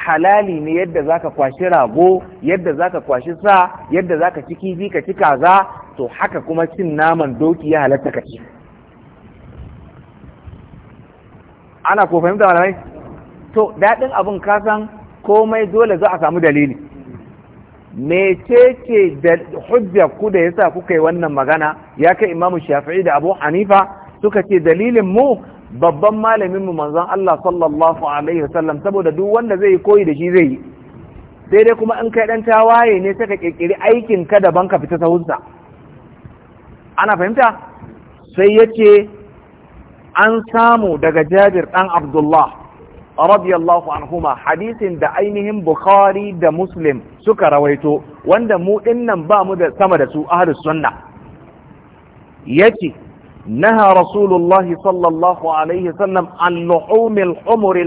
A: halali ne yadda zaka kwashi rago yadda zaka kwashi sa yadda zaka ci kifi ka ci kaza to haka kuma cin naman doki ya halatta ka ci ana ko fahimta malamai to daɗin abin kasan komai dole za a samu dalili mecece da hujjar ku da yasa kuka yi wannan magana ya kai imamu shafi'i da abu hanifa suka ce dalilin mu babban malaminmu mu manzon Allah sallallahu alaihi wasallam saboda duk wanda zai yi koyi da shi zai yi sai dai kuma in kai dan tawaye ne saka ƙirƙiri aikin ka daban ka fita sahunsa ana fahimta sai yace an samu daga Jabir dan Abdullah radiyallahu anhuma hadisin da ainihin Bukhari da Muslim suka rawaito wanda mu dinnan ba mu da sama da su ahlus sunna yace نهى رسول الله صلى الله عليه وسلم عن لحوم الحمر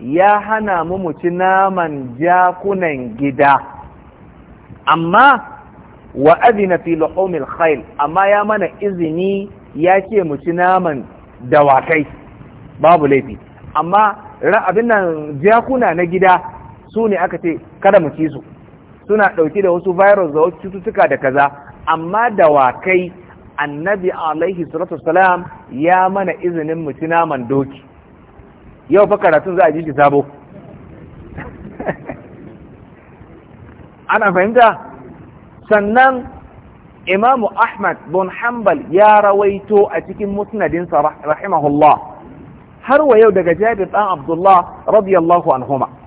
A: ya hana mu muci naman jakunan gida amma wa adina fi luhumil khayl amma ya mana izini ya ce muci naman dawakai babu laifi amma abin nan jakuna na gida su ne aka ce kada mu ci su suna ɗauke da wasu virus da wasu cututtuka da kaza amma dawakai annabi alaihi salatu wasalam ya mana izinin mutunaman doki yau fa karatun za a ji sabo [laughs] ana fahimta sannan imamu ahmad bin hanbal ya rawaito a cikin musnadinsa rahimahullah har wa yau daga jabir dan abdullah radiyallahu anhuma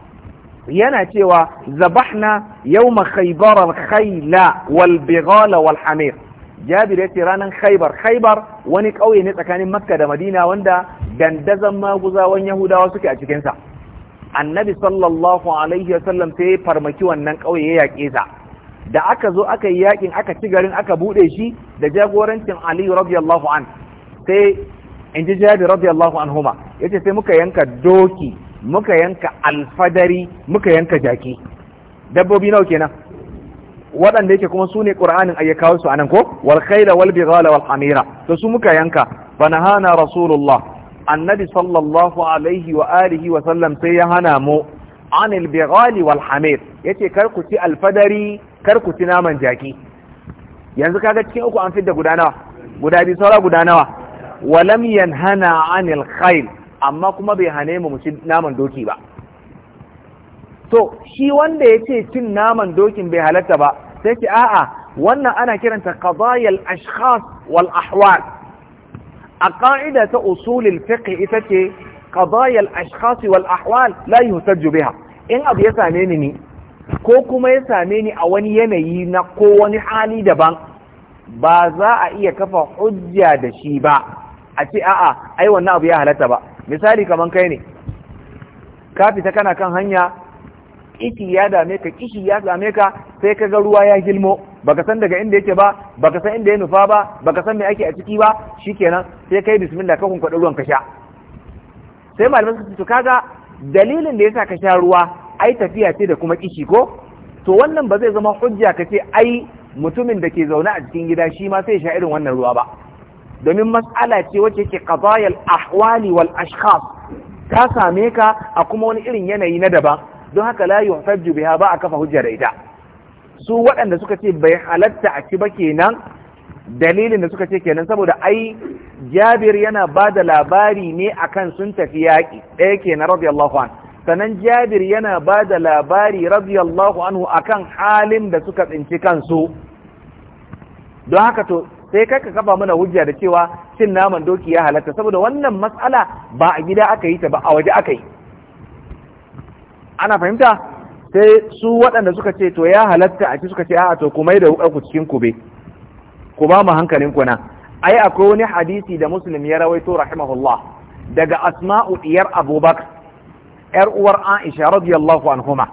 A: yana cewa zabahna yau khaybar al-khayla wal bighala wal hamir jabir yace ranar khaybar khaybar wani kauye ne tsakanin makka da madina wanda dandazan maguzawan yahudawa suke a cikinsa. annabi sallallahu alaihi wasallam sai farmaki wannan kauye ya yake sa da aka zo aka yi yaƙin aka ci garin aka buɗe shi da jagorancin ali radiyallahu an sai inji jabir radiyallahu ya ce sai muka yanka doki muka yanka alfadari muka yanka jaki dabbobi nawa kenan waɗanda yake kuma su ne ƙur'anin a kawo su anan ko wal khayla wal bighala wal hamira to su muka yanka fanahana rasulullah annabi sallallahu alaihi wa alihi wa sallam sai ya hana mu anil bighali wal hamir yace kar ku ci alfadari kar ku ci naman jaki yanzu kaga cikin uku an fidda guda nawa guda biyu saura guda nawa walam yanhana anil khayl amma kuma bai hane mu mu ci naman doki ba to shi wanda ya ce cin naman dokin bai halatta ba sai ce a'a wannan ana kiranta qadayal ashkhas wal ahwal a ƙa'ida ta usulil fiqh ita ce qadayal ashkhas wal ahwal la yuhtaju biha in abu ya same ni ko kuma ya same ni a wani yanayi na ko wani hali daban ba za a iya kafa hujja da shi ba a ce a'a ai wannan abu ya halatta ba misali kaman kai ne ka fita kana kan hanya iki ya dame ka kishi ya dame ka sai ka ga ruwa ya gilmo baka san daga inda yake ba baka san inda ya nufa ba baka san me ake a ciki ba shikenan sai kai bismillah ka kunkwada ruwan ka sha sai malaman su to kaga dalilin da yasa ka sha ruwa ai tafiya ce da kuma kishi ko to wannan ba zai zama hujja ka ce ai mutumin da ke zaune a cikin gida shi ma sai ya sha irin wannan ruwa ba domin mas'ala ce wacce ke qadayal ahwali wal ashkhas ta same ka a kuma wani irin yanayi na daban don haka la yuhtaju biha ba a kafa hujja da ita su waɗanda suka ce bai halatta a ci ba kenan dalilin da suka ce kenan saboda ai Jabir yana ba da labari ne akan sun tafi yaƙi ɗaya kenan radiyallahu an sannan Jabir yana ba da labari radiyallahu anhu akan halin da suka tsinci kansu don haka to sai kai ka kafa mana hujja da cewa cin naman doki ya halatta saboda wannan matsala ba a gida aka yi ta ba a waje aka yi ana fahimta sai su waɗanda suka ce to ya halatta a ci suka ce a'a to kuma da ku cikin kube ku ba mu hankalin ku na ai akwai wani hadisi da muslim ya rawaito rahimahullah daga asma'u diyar abubakar yar uwar aisha radiyallahu anhuma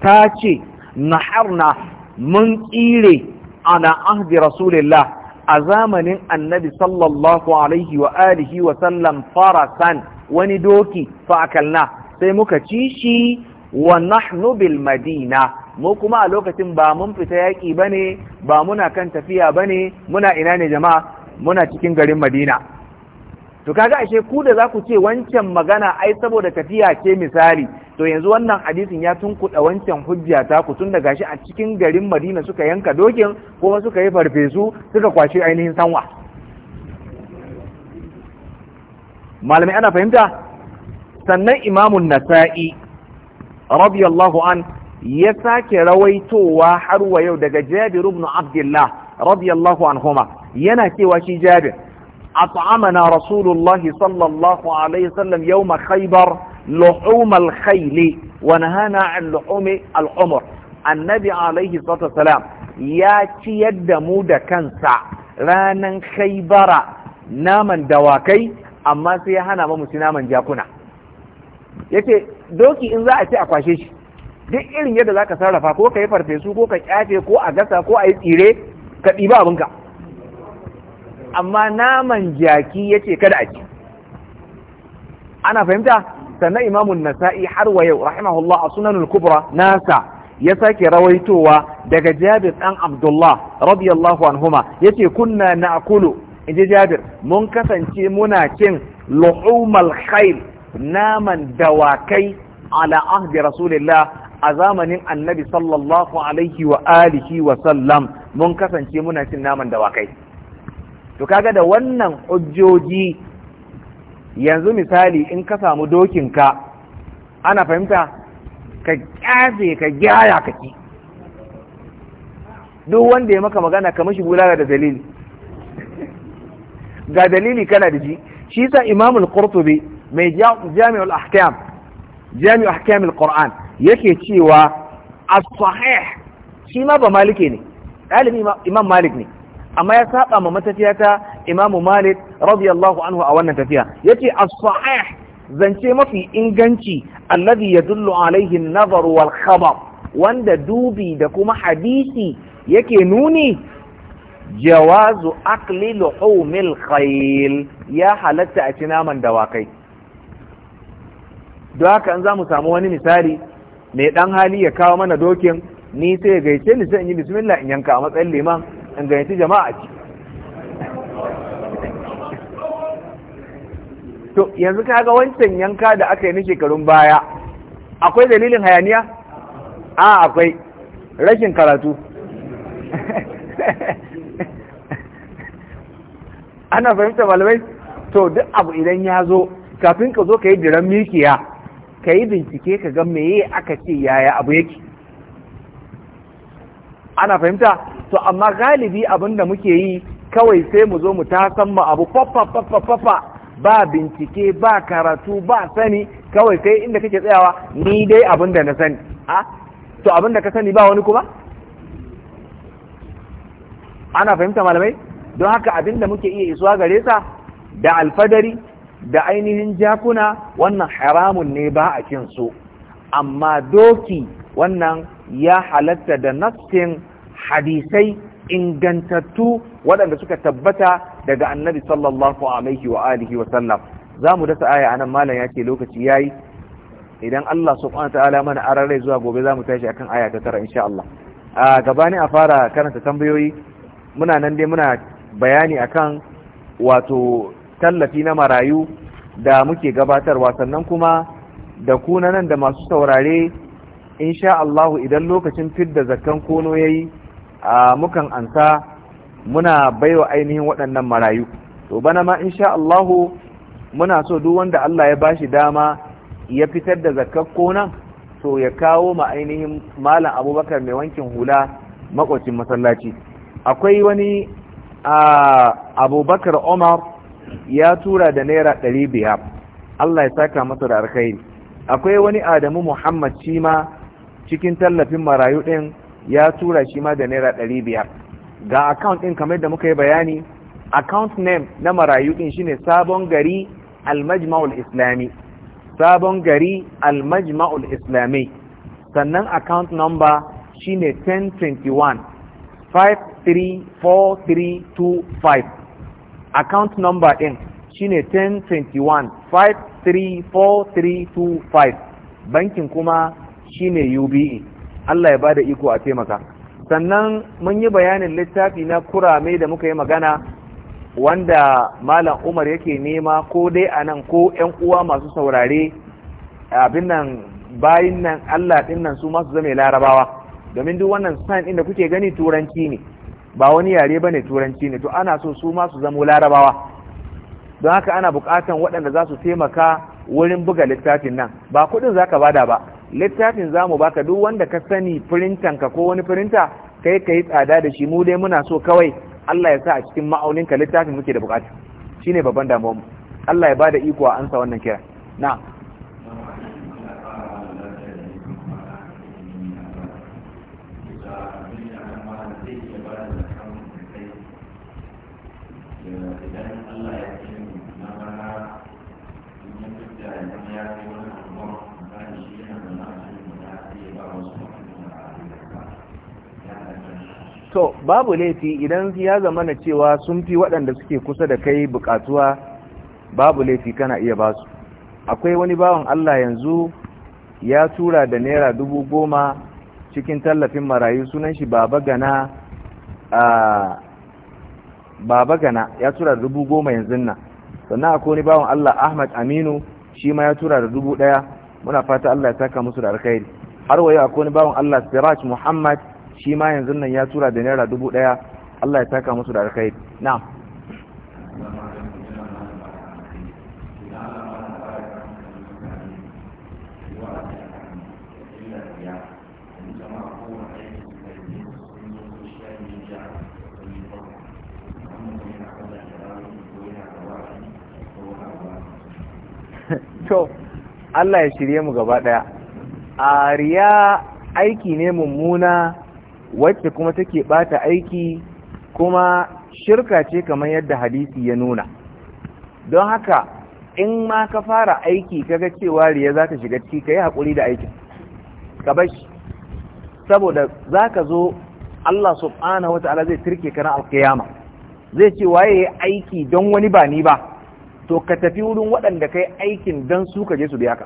A: ta ce naharna mun tsire ana ahdi rasulillah a zamanin annabi sallallahu alaihi wa alihi wa sallam farasan wani doki fa sai muka ci shi wa nahnu bil madina mu kuma a lokacin ba mun fita yaƙi bane ba muna kan tafiya bane muna ina ne jama'a muna cikin garin madina to kaga ashe ku da za ku ce wancan magana ai saboda tafiya ce misali to yanzu wannan hadisin ya tunkuɗa wancan hujja ta ku tun da gashi a cikin garin madina suka yanka dokin kuma suka yi farfesu suka kwashi ainihin sanwa malamai ana fahimta sannan imamun nasa'i radiyallahu an ya sake rawaitowa har wa yau daga jabir ibn abdullah radiyallahu anhuma yana cewa shi jabir at'amana rasulullahi sallallahu alaihi wasallam yawma khaybar luhum al-khayli wa nahana an al-umur annabi alaihi salatu wasalam ya ciyar da mu da kansa ranan khaybara naman dawakai amma sai ya hana mu ci naman jakuna yace doki in za a ci a kwashe shi duk irin yadda za ka sarrafa ko ka yi farfesu ko ka kyafe ko a gasa ko a yi tsire ka ɗiba abinka amma naman jaki yace kada a ci ana fahimta sannan imamun nasa'i har wa yau rahimahullah a sunanul kubra nasa ya sake rawaitowa daga jabir dan abdullah radiyallahu anhuma yace kunna na'kulu inji jabir mun kasance muna cin luhumal khayl naman dawakai ala ahdi rasulillah a zamanin annabi sallallahu alaihi wa alihi wa sallam mun kasance muna cin naman dawakai to kaga da wannan hujjoji yanzu misali in ka samu dokinka ana fahimta ka kyafe ka gyara ka ki duk wanda ya maka magana kamar shi bulala da dalili ga dalili kana da ji shi sa imamul qurtubi mai jami'ul ahkam jami'ul ahkam alquran quran yake cewa as-sahih shi ma ba malike ne ɗalibin imam malik ne amma ya saba ma matafiya ta Imam Malik radiyallahu anhu a wannan tafiya yace as-sahih zance mafi inganci alladhi yadullu alaihi an-nazar wal khabar wanda dubi da kuma hadisi yake nuni jawazu akli luhumil khayl ya halatta a ci naman dawakai don haka an za mu samu wani misali mai dan hali ya kawo mana dokin ni sai ya gaice ni sai in yi bismillah in yanka a matsayin liman in ka jama'a ce to yanzu ga wancan yanka da aka yi na shekarun baya akwai dalilin hayaniya a akwai rashin karatu [laughs] ana fahimta malamai to duk abu idan ya zo kafin ka zo ka yi diran mikiya ka yi bincike ka ga meye aka ce yaya abu yake ana fahimta to amma galibi abin da muke yi kawai sai mu zo mu san ma abu fafa ba bincike ba karatu ba sani kawai sai inda kake tsayawa ni dai abin da na sani a to abin da ka sani ba wani kuma ana fahimta malamai don haka abin da muke iya isuwa gare sa da alfadari da ainihin jakuna wannan haramun ne ba a kinsu amma doki wannan ya halatta da nassin hadisai ingantattu waɗanda suka tabbata daga annabi sallallahu alaihi wa alihi wa sallam za mu dasa aya anan malam ya ce lokaci yayi idan Allah subhanahu ta'ala mana arare zuwa gobe za mu tashi akan aya ta tara insha Allah a gabani a fara karanta tambayoyi muna nan dai muna bayani akan wato tallafi na marayu da muke gabatarwa sannan kuma da kuna nan da masu saurare sha Allahu idan lokacin fidda zakkan kono yayi mukan ansa muna baiwa ainihin waɗannan marayu to bana ma sha Allahu muna so duk wanda Allah ya bashi dama ya fitar da zakkar konan to ya kawo ma ainihin malam abubakar mai wankin hula makwacin masallaci akwai wani abubakar omar ya tura da naira ɗari biyar allah ya saka masa da alkhairi akwai wani adamu muhammad shi cikin tallafin marayu ɗin ya tura shi ma da naira ɗari biyar ga account ɗin kamar da muka yi bayani account name na marayu ɗin shine sabon gari almajma'ul islami sabon gari almajma'ul islami sannan account number shine 1021 534325 account number ɗin shine 1021 534325 bankin kuma shine UBE Allah ya bada iko a taimaka sannan mun yi bayanin littafi na kurame da muka yi magana wanda malam Umar yake nema ko dai a nan ko 'yan uwa masu saurare abin nan bayin nan Allah ɗin nan su masu zame larabawa domin duk wannan sign inda da kuke gani turanci ne ba wani yare ba ne turanci ne to ana so su masu zamo larabawa don haka ana bukatan waɗanda za su taimaka wurin buga littafin nan ba kuɗin za ka bada ba littafin za mu baka duk wanda ka sani ka ko wani firinta kai ka yi tsada da shi mu dai muna so kawai Allah ya sa a cikin ma'aunin ka littafin muke da bukata ne babban damuwarmu Allah ya ba da iko a ansa wannan kira na'am to babu laifi idan ya zama na cewa sun fi waɗanda suke kusa da kai buƙatuwa babu laifi kana iya ba su akwai wani bawan Allah yanzu ya tura da naira dubu goma cikin tallafin marayu sunan shi baba gana a baba gana ya tura da dubu goma yanzu nan sannan akwai wani bawan Allah Ahmad Aminu shi ma ya tura da dubu ɗaya muna fata Allah ya saka musu da alkhairi har wayo akwai wani bawan Allah Siraj Muhammad shi ma yanzu nan ya tura da naira dubu ɗaya Allah ya saka musu da alkhairi na'am [laughs] to Allah ya shirye mu gaba daya a riya aiki ne mummuna wacce kuma take bata aiki kuma shirka ce kamar yadda hadisi ya nuna don haka in ma ka fara aiki kaga cewa riya za ta shiga ciki kai hakuri haƙuri da aikin ka bashi saboda za ka zo Allah subhanahu wa ta'ala zai turke ka na alkiyama zai ce waye ya aiki don wani ba ni ba to ka tafi wurin waɗanda kai aikin don su ka je su biya ka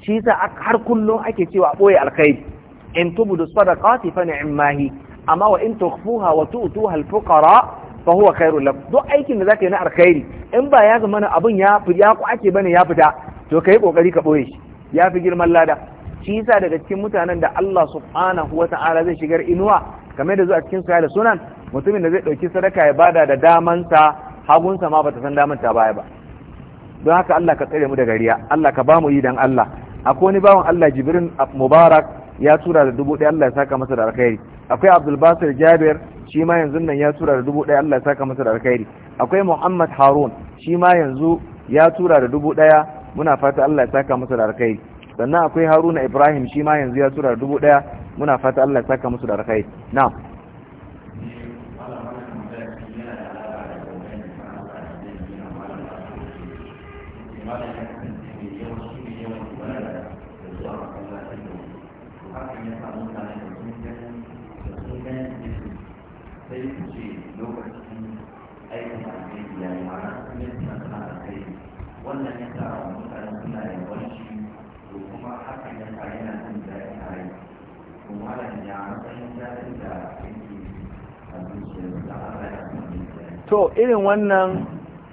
A: shi sa har kullum ake cewa ɓoye alkhairi in tubudu sadaqati fa ni'mahi amma wa in tukhfuha wa tu'tuha al-fuqara fa huwa khairul lakum duk aikin da zaka yi na alkhairi in ba ya zama abun ya ya ku ake bane ya fita to kai kokari ka boye shi ya fi girman lada shi yasa daga cikin mutanen da Allah subhanahu wa ta'ala zai shigar inuwa kamar da zuwa cikin sahih sunan mutumin da zai dauki sadaka ya bada da damansa hagunsa ma bata san ta baya ba don haka Allah ka tsare mu daga riya Allah ka ba mu yi dan Allah akwai wani bawan Allah Jibrin Mubarak ya tura da dubu ɗaya Allah ya saka masa da alkhairi akwai Abdul Basir Jabir shi ma yanzu nan ya tura da dubu ɗaya Allah ya saka masa da alkhairi akwai Muhammad Harun shi ma yanzu ya tura da dubu ɗaya muna fata Allah ya saka masa da alkhairi sannan akwai Haruna Ibrahim shi ma yanzu ya tura da dubu ɗaya muna fata Allah ya saka masa da alkhairi na'am to irin wannan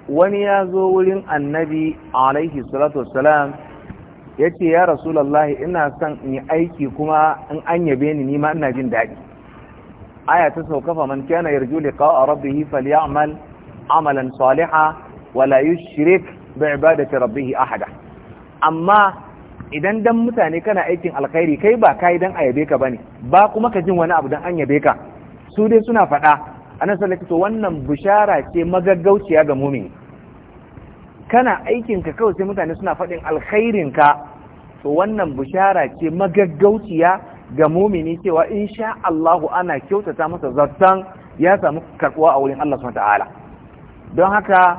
A: wani ya zo wurin annabi alaihi salatu wasalam ya ce ya rasulallah ina son in yi aiki kuma in an yabe ni nima ina jin daɗi aya ta saukafa man kana yarju liqa'a rabbih falyamal amalan salihan wala yushrik bi ibadati rabbih ahada amma idan dan mutane kana aikin alkhairi kai ba kai dan a yabe ka bane ba kuma ka jin wani abu dan an yabe ka su dai suna faɗa anan sai to wannan bushara ce magaggauciya ga mumin kana aikin ka kawai sai mutane suna faɗin alkhairin ka to wannan bushara ce magaggauciya ga mumini cewa insha Allahu ana kyautata masa zartan ya samu karɓuwa a wurin Allah subhanahu ta'ala don haka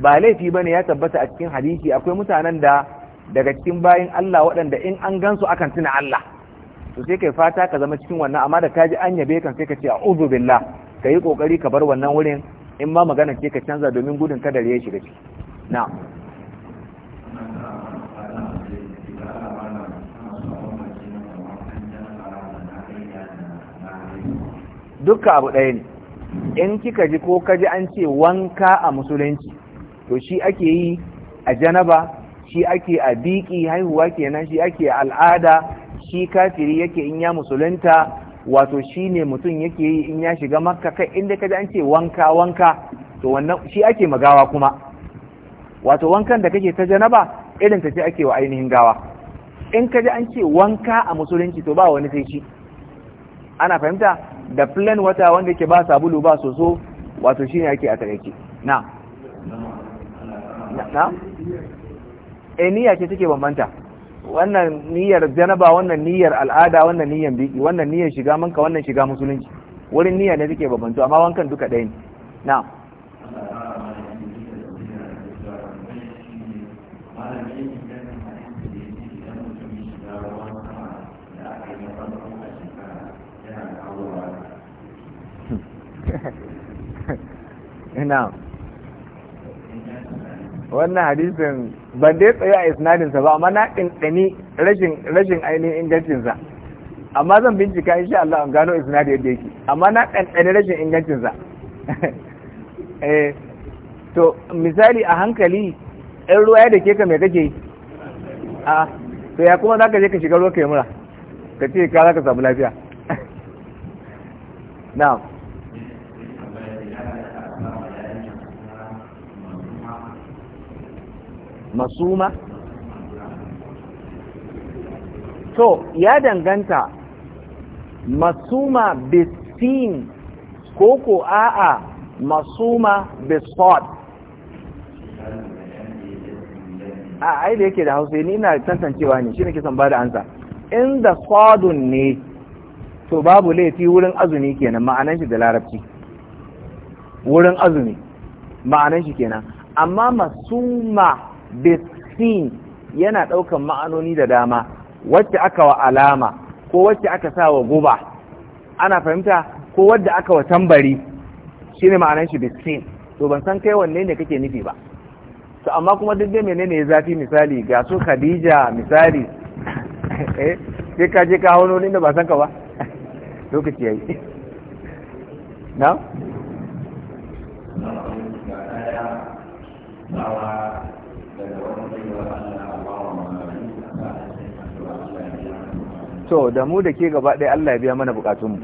A: ba laifi bane ya tabbata a cikin hadisi akwai mutanen da daga cikin bayin Allah waɗanda in an gansu akan tuna Allah to sai kai fata ka zama cikin wannan amma da ka ji an yabe kan sai ka ce a'udhu billah ka yi kokari ka bar wannan wurin in ma magana ke ka canza domin gudun kada ya shiga ciki na dukka abu ɗaya ne in kika ji ko kaji an ce wanka a musulunci to shi ake yi a janaba shi ake a biƙi haihuwa kenan shi ake al'ada shi kafiri yake in ya musulunta wato shine mutum yake yi in ya shiga makka kai inda kaji an ce wanka wanka to wannan shi ake magawa kuma wato wankan da kake ta janaba irin ta ce ake wa ainihin gawa in kaji an ce wanka a musulunci to ba wani sai shi ana fahimta da plan wata wanda yake ba sabulu ba soso wato shine ake a tareke na na, na? Eh, ce take bambanta wannan niyyar janaba wannan niyyar al'ada wannan niyyar biki wannan niyyar shiga manka wannan shiga musulunci wurin niyyar ne suke babantu amma wankan duka ɗaya ne na na'am [laughs] wannan hadisin ban dai tsaye a isnadinsa ba amma na ɗinɗani rashin ainihin ingancinsa amma zan bincika insha Allah an gano isnadi yadda yake amma na ɗanɗani rashin ingancinsa [laughs] eh to misali a hankali ɗan ruwa ya da ke ka mai kake a to ya kuma za ka je ka shiga ruwa ka yi mura ka ce ka za ka samu lafiya [laughs] na'am masuma to ya danganta masuma bisin ko ko a'a masuma bisot a ai da yake da hausa ni ina tantancewa ne shi ne kisan ba da ansa da sodun ne to babu laifi wurin azumi kenan ma'anan shi da larabci wurin azumi ma'anan shi kenan amma masuma bisin yana ɗaukan ma'anoni da dama wacce aka wa alama ko wacce aka sa wa guba ana fahimta ko wadda aka wa tambari shine ma'anar shi bisin to ban san kai wanne ne kake nufi ba to amma kuma duk dai menene ya zafi misali ga su Khadija misali [laughs] eh sai ka je ka hono ne da ba san ka ba [laughs] lokaci yayi [laughs] na to da mu da ke gaba ɗaya Allah ya biya mana bukatunmu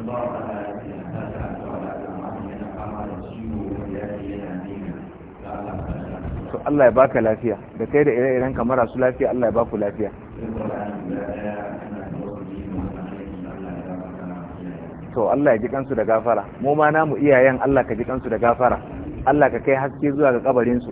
A: to Allah ya baka lafiya da kai da ire-iren kamar su lafiya Allah ya baku lafiya to Allah ya ji kansu da gafara mu ma namu iyayen Allah ka ji kansu da gafara Allah ka kai haske zuwa ga kabarin su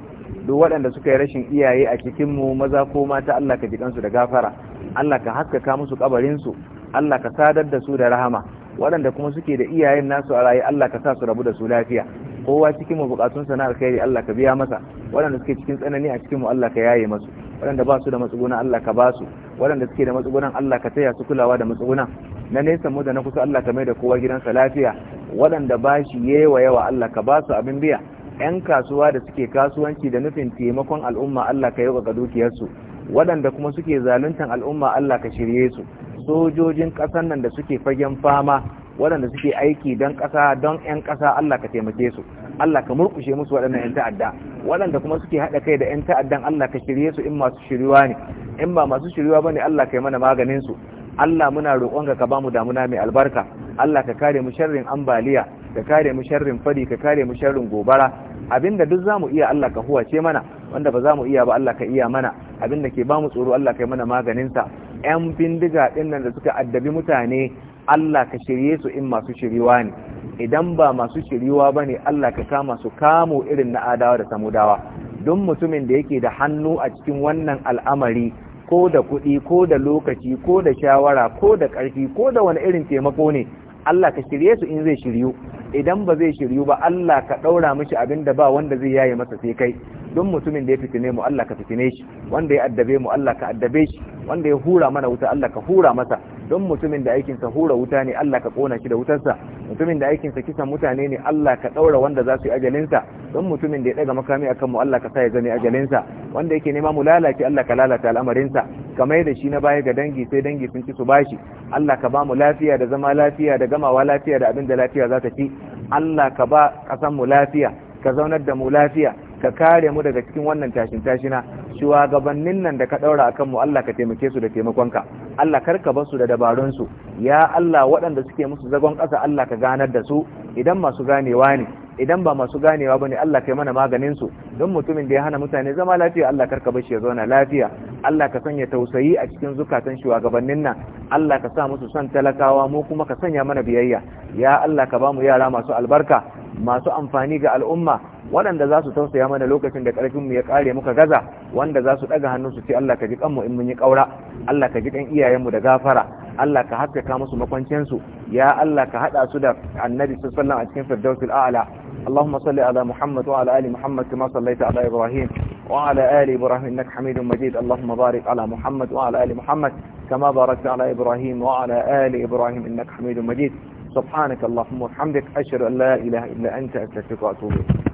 A: duk waɗanda suka yi rashin iyaye a cikinmu maza ko mata Allah ka jikansu da gafara Allah ka haskaka musu kabarinsu Allah ka sadar da su da rahama waɗanda kuma suke da iyayen nasu a raye Allah ka sa su rabu da su lafiya kowa cikin mu bukatun sana alkhairi Allah ka biya masa waɗanda suke cikin tsanani a cikin mu Allah ka yaye masu waɗanda ba su da matsugunan Allah ka ba su waɗanda suke da matsugunan Allah ka taya su kulawa da matsugunan na nesa mu da na kusa Allah ka mai da kowa gidansa lafiya waɗanda ba shi yewa yawa Allah ka ba su abin biya 'yan kasuwa da suke kasuwanci da nufin taimakon al'umma Allah ka yauka dukiyarsu waɗanda kuma suke zaluntan al'umma Allah ka shirye su sojojin ƙasar nan da suke fagen fama waɗanda suke aiki don ƙasa don 'yan ƙasa Allah ka taimake su Allah ka murƙushe musu waɗannan 'yan ta'adda waɗanda kuma suke haɗa kai da 'yan ta'addan Allah ka shirye su in masu shiriwa ne in ba masu shiriwa bane Allah ka yi mana maganin su Allah muna roƙonka ka bamu damuna mai albarka Allah ka kare mu sharrin ambaliya ka kare mu sharrin fari ka kare mu sharrin gobara abinda duk zamu iya Allah ka huwace mana wanda ba zamu iya ba Allah ka iya mana abinda ke bamu tsoro Allah kai mana maganin sa yan bindiga din nan da suka addabi mutane Allah ka shirye su in masu shiriwa ne idan ba masu shiriwa ne, Allah ka kama su kamo irin na adawa da samudawa duk mutumin da yake da hannu a cikin wannan al'amari ko da kuɗi ko da lokaci ko da shawara ko da ƙarfi ko da wani irin taimako ne Allah ka shirye su in zai shiryu idan ba zai shiryu ba Allah ka ɗaura mishi abin da ba wanda zai yaye masa sai kai don mutumin da ya fitine mu Allah ka fitine shi wanda ya addabe mu Allah ka addabe shi wanda ya hura mana wuta Allah ka hura masa don mutumin da aikinsa hura wuta ne Allah ka kona shi da wutarsa mutumin da aikinsa kisan mutane ne Allah ka daura wanda za su yi ajalinsa don mutumin da ya daga makami akan mu Allah ka sa ya zame ajalinsa wanda yake nema mu lalace Allah ka lalata al'amarinsa kamar da shi na baya ga dangi sai dangi sun ci su bashi Allah ka ba mu lafiya da zama lafiya da gamawa lafiya da abin da lafiya za ta ci Allah ka ba kasan mu lafiya ka zaunar da mu lafiya ka kare mu daga cikin wannan tashin tashina shugabannin nan da ka daura akan mu Allah ka taimake su da taimakonka Allah kar ka su da dabarun su ya Allah waɗanda suke musu zagon ƙasa Allah ka ganar da su idan masu ganewa ne idan ba masu ganewa bane Allah kai mana maganin su don mutumin da ya hana mutane zama lafiya Allah kar bar shi ya zauna lafiya Allah ka sanya tausayi a cikin zukatan shugabannin nan Allah ka sa musu son talakawa mu kuma ka sanya mana biyayya ya Allah ka ba mu yara masu albarka masu amfani ga al'umma waɗanda za su tausaya mana lokacin da ƙarfinmu ya ƙare muka gaza wanda za su ɗaga hannu su ce Allah ka ji kanmu in mun yi ƙaura Allah ka ji kan iyayenmu da gafara Allah ka haskaka musu makwancinsu ya Allah ka haɗa su da annabi sallallahu a cikin firdausul a'la اللهم صل ali muhammad kama آل محمد كما صليت على إبراهيم وعلى آل إبراهيم إنك حميد مجيد اللهم بارك على محمد ali muhammad kama كما باركت على إبراهيم وعلى آل إبراهيم إنك حميد مجيد سبحانك اللهم وبحمدك أشهد أن لا إله إلا أنت أستغفرك وأتوب إليك